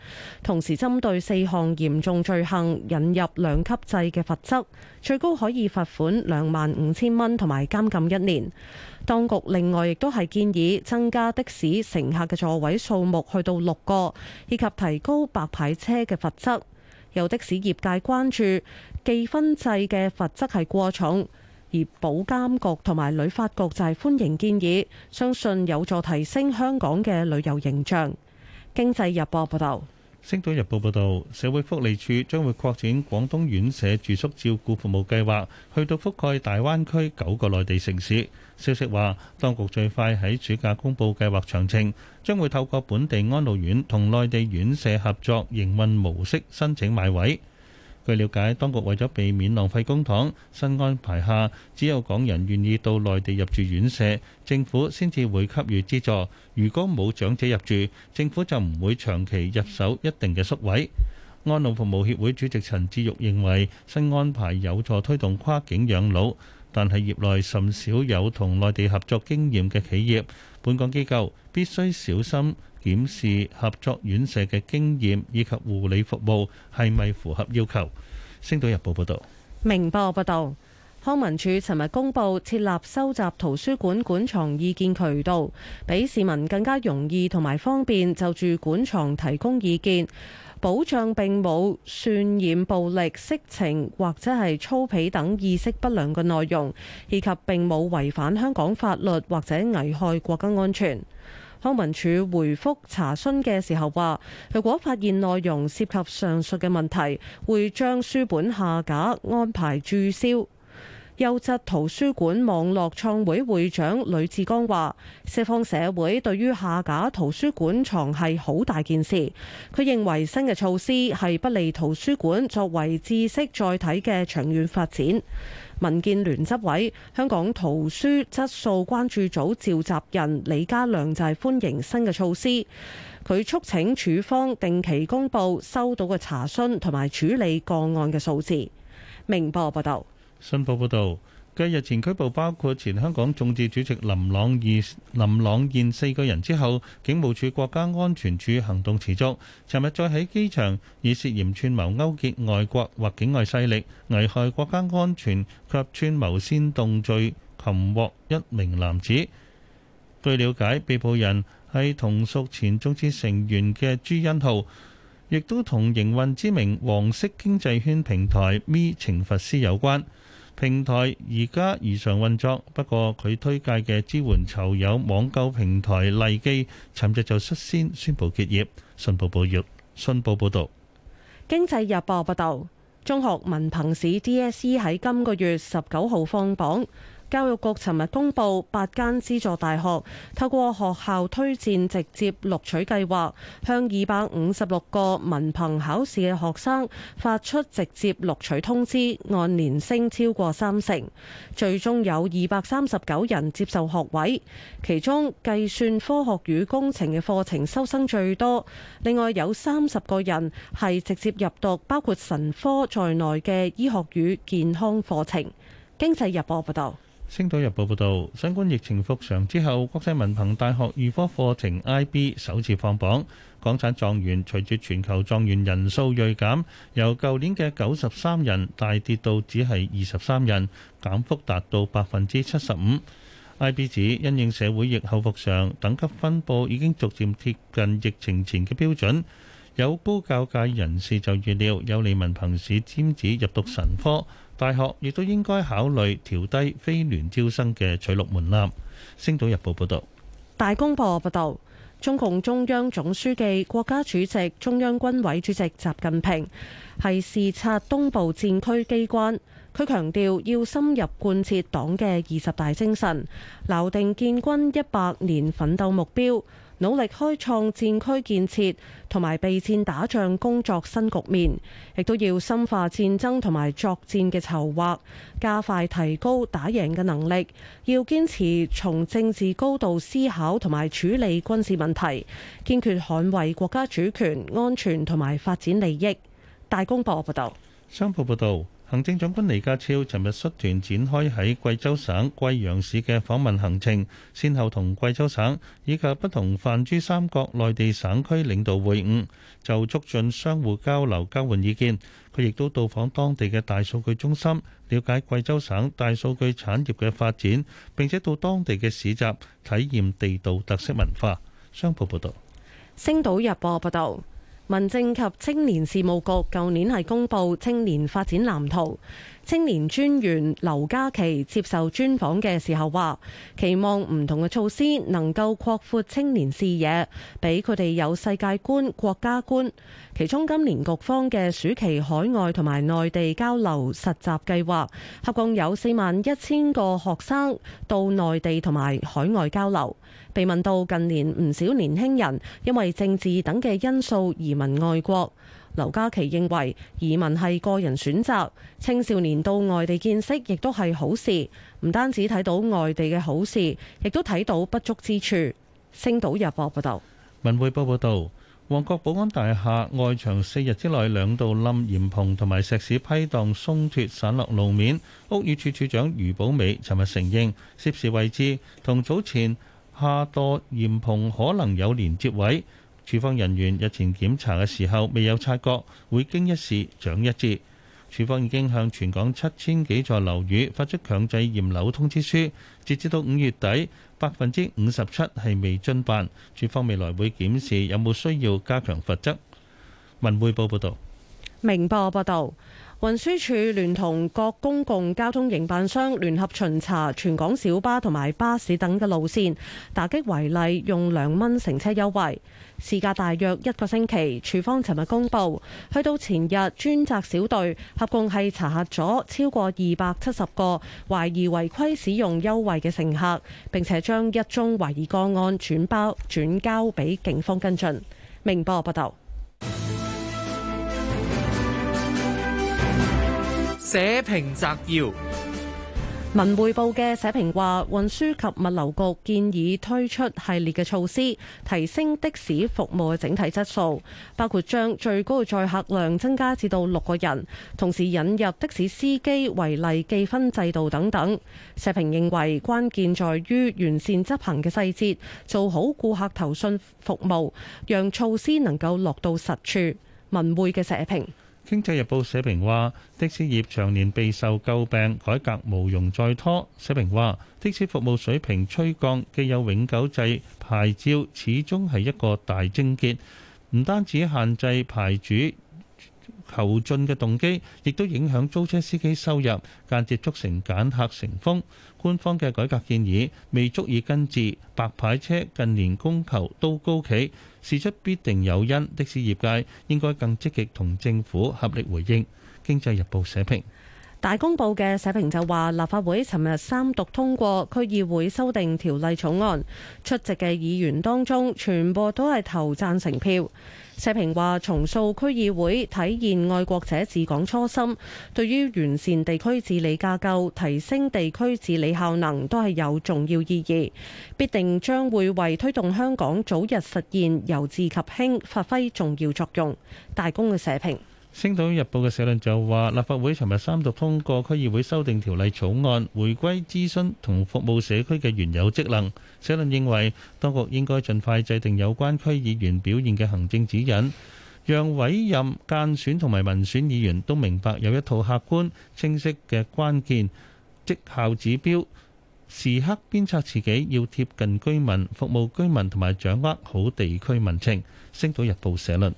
同時針對四項嚴重罪行引入兩級制嘅罰則，最高可以罰款兩萬五千蚊，同埋監禁一年。當局另外亦都係建議增加的士乘客嘅座位數目，去到六個，以及提高白牌車嘅罰則。有的士業界關注記分制嘅罰則係過重，而保監局同埋旅發局就係歡迎建議，相信有助提升香港嘅旅遊形象。經濟日報報道：《星島日報》報道，社會福利署將會擴展廣東院舍住宿照顧服務計劃，去到覆蓋大灣區九個內地城市。消息話，當局最快喺暑假公佈計劃詳情，將會透過本地安老院同內地院舍合作營運模式申請買位。據了解，當局為咗避免浪費公帑，新安排下只有港人願意到內地入住院舍，政府先至會給予資助。如果冇長者入住，政府就唔會長期入手一定嘅宿位。安老服務協會主席陳志玉認為，新安排有助推動跨境養老。但係業內甚少有同內地合作經驗嘅企業，本港機構必須小心檢視合作院舍嘅經驗以及護理服務係咪符合要求。星島日報報道：「明報報道，康文署尋日公布設立收集圖書館館藏意見渠道，俾市民更加容易同埋方便就住館藏提供意見。保障並冇渲染暴力、色情或者係粗鄙等意識不良嘅內容，以及並冇違反香港法律或者危害國家安全。康文署回覆查詢嘅時候話，如果發現內容涉及上述嘅問題，會將書本下架，安排註銷。優質圖書館網絡創會會長呂志剛話：釋放社會對於下架圖書館藏係好大件事。佢認為新嘅措施係不利圖書館作為知識載體嘅長遠發展。民建聯執委、香港圖書質素關注組召集人李家亮就係歡迎新嘅措施。佢促請處方定期公布收到嘅查詢同埋處理個案嘅數字。明報報道。信報報導，繼日前拘捕包括前香港眾志主席林朗彥、林朗彥四個人之後，警務處國家安全處行動持續。尋日再喺機場以涉嫌串謀勾結外國或境外勢力、危害國家安全及串謀煽動罪擒獲一名男子。據了解，被捕人係同屬前眾志成員嘅朱恩浩，亦都同營運知名黃色經濟圈平台咪懲罰師有關。平台而家如常運作，不過佢推介嘅支援囚友網購平台麗基，尋日就率先宣布結業。信報報道，信報報導，經濟日報報道，中學文憑試 DSE 喺今個月十九號放榜。教育局尋日公布，八間資助大學透過學校推薦直接錄取計劃向二百五十六個文憑考試嘅學生發出直接錄取通知，按年升超過三成。最終有二百三十九人接受學位，其中計算科學與工程嘅課程收生最多。另外有三十個人係直接入讀包括神科在內嘅醫學與健康課程。經濟日報報道。星島日報報導，新冠疫情復常之後，國際文憑大學預科課程 IB 首次放榜，港產狀元隨住全球狀元人數鋭減，由舊年嘅九十三人大跌到只係二十三人，減幅達到百分之七十五。IB 指因應社會疫後復常，等級分佈已經逐漸貼近疫情前嘅標準。有高教界人士就預料，有利文憑試尖子入讀神科。大學亦都應該考慮調低非聯招生嘅取錄門檻。星島日報報道。大公報報道，中共中央總書記、國家主席、中央軍委主席習近平係視察東部戰區機關，佢強調要深入貫徹黨嘅二十大精神，留定建軍一百年奮鬥目標。努力開創戰區建設同埋備戰打仗工作新局面，亦都要深化戰爭同埋作戰嘅籌劃，加快提高打贏嘅能力。要堅持從政治高度思考同埋處理軍事問題，堅決捍衛國家主權、安全同埋發展利益。大公報報道。商報報道。行政長官李家超尋日率團展開喺貴州省貴陽市嘅訪問行程，先後同貴州省以及不同泛珠三角內地省區領導會晤，就促進相互交流、交換意見。佢亦都到訪當地嘅大數據中心，了解貴州省大數據產業嘅發展，並且到當地嘅市集體驗地道特色文化。商報報道，星島日報報道。民政及青年事務局舊年係公布青年發展藍圖，青年專員劉嘉琪接受專訪嘅時候話，期望唔同嘅措施能夠擴闊青年視野，俾佢哋有世界觀、國家觀。其中今年局方嘅暑期海外同埋內地交流實習計劃，合共有四萬一千個學生到內地同埋海外交流。被問到近年唔少年輕人因為政治等嘅因素移民外國，劉家琪認為移民係個人選擇，青少年到外地見識亦都係好事，唔單止睇到外地嘅好事，亦都睇到不足之處。星島日報報道：「文匯報報道，旺角保安大廈外牆四日之內兩度冧簷篷，同埋石屎批盪鬆脱散落路面。屋宇署署長余寶美尋日承認涉事位置同早前，下墮簷篷可能有連接位，處方人員日前檢查嘅時候未有察覺，會經一事長一智。處方已經向全港七千幾座樓宇發出強制驗樓通知書，截至到五月底，百分之五十七係未遵辦，處方未來會檢視有冇需要加強罰則。文匯報報道。明報報道。運輸署聯同各公共交通營辦商聯合巡查全港小巴同埋巴士等嘅路綫，打擊違例用兩蚊乘車優惠，事隔大約一個星期。署方尋日公布，去到前日專責小隊合共係查核咗超過二百七十個懷疑違規使用優惠嘅乘客，並且將一宗懷疑個案轉包轉交俾警方跟進。明報報道。社評摘要：文匯報嘅社評話，運輸及物流局建議推出系列嘅措施，提升的士服務嘅整體質素，包括將最高嘅載客量增加至到六個人，同時引入的士司機違例記分制度等等。社評認為關鍵在於完善執行嘅細節，做好顧客投訴服務，讓措施能夠落到實處。文匯嘅社評。經濟日報社評話的士業長年備受詬病，改革無容再拖。社評話的士服務水平趨降，既有永久制牌照，始終係一個大症結，唔單止限制牌主求進嘅動機，亦都影響租車司機收入，間接促成揀客成風。官方嘅改革建議未足以根治，白牌車近年供求都高企，事出必定有因。的士業界應該更積極同政府合力回應。經濟日報社評。大公報嘅社評就話，立法會尋日三讀通過區議會修訂條例草案，出席嘅議員當中全部都係投贊成票。社評話，重塑區議會體現愛國者治港初心，對於完善地區治理架構、提升地區治理效能都係有重要意義，必定將會為推動香港早日實現由治及興發揮重要作用。大公嘅社評。《星島日報》嘅社論就話，立法會尋日三讀通過區議會修訂條例草案，回歸諮詢同服務社區嘅原有職能。社論認為，當局應該盡快制定有關區議員表現嘅行政指引，讓委任、間選同埋民選議員都明白有一套客觀、清晰嘅關鍵績效指標，時刻鞭策自己要貼近居民、服務居民同埋掌握好地區民情。《星島日報》社論。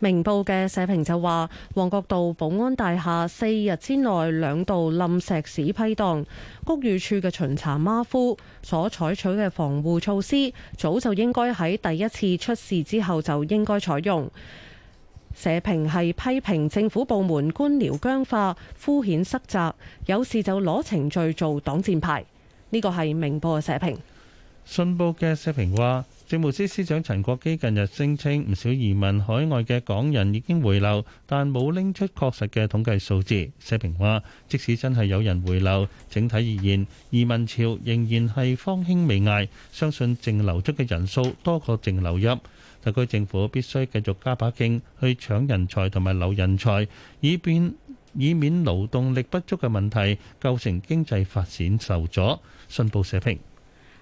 明報嘅社評就話：旺角道保安大廈四日之內兩度冧石屎批盪，屋宇署嘅巡查馬夫所採取嘅防護措施，早就應該喺第一次出事之後就應該採用。社評係批評政府部門官僚僵化、敷衍塞責，有事就攞程序做擋箭牌。呢、這個係明報嘅社評。信報嘅社評話。政務司司長陳國基近日聲稱，唔少移民海外嘅港人已經回流，但冇拎出確實嘅統計數字。社評話，即使真係有人回流，整體而言，移民潮仍然係方興未艾。相信淨流出嘅人數多過淨流入，特區政府必須繼續加把勁去搶人才同埋留人才，以便以免勞動力不足嘅問題構成經濟發展受阻。信報社評。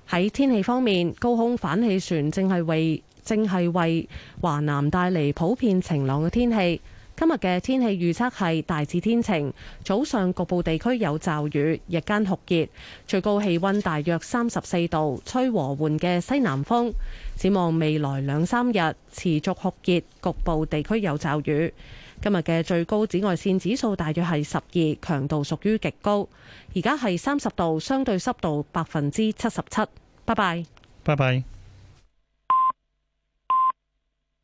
喺天氣方面，高空反氣旋正係為正係為華南帶嚟普遍晴朗嘅天氣。今日嘅天氣預測係大致天晴，早上局部地區有驟雨，日間酷熱，最高氣温大約三十四度，吹和緩嘅西南風。展望未來兩三日，持續酷熱，局部地區有驟雨。今日嘅最高紫外線指數大約係十二，強度屬於極高。而家係三十度，相對濕度百分之七十七。拜拜。拜拜。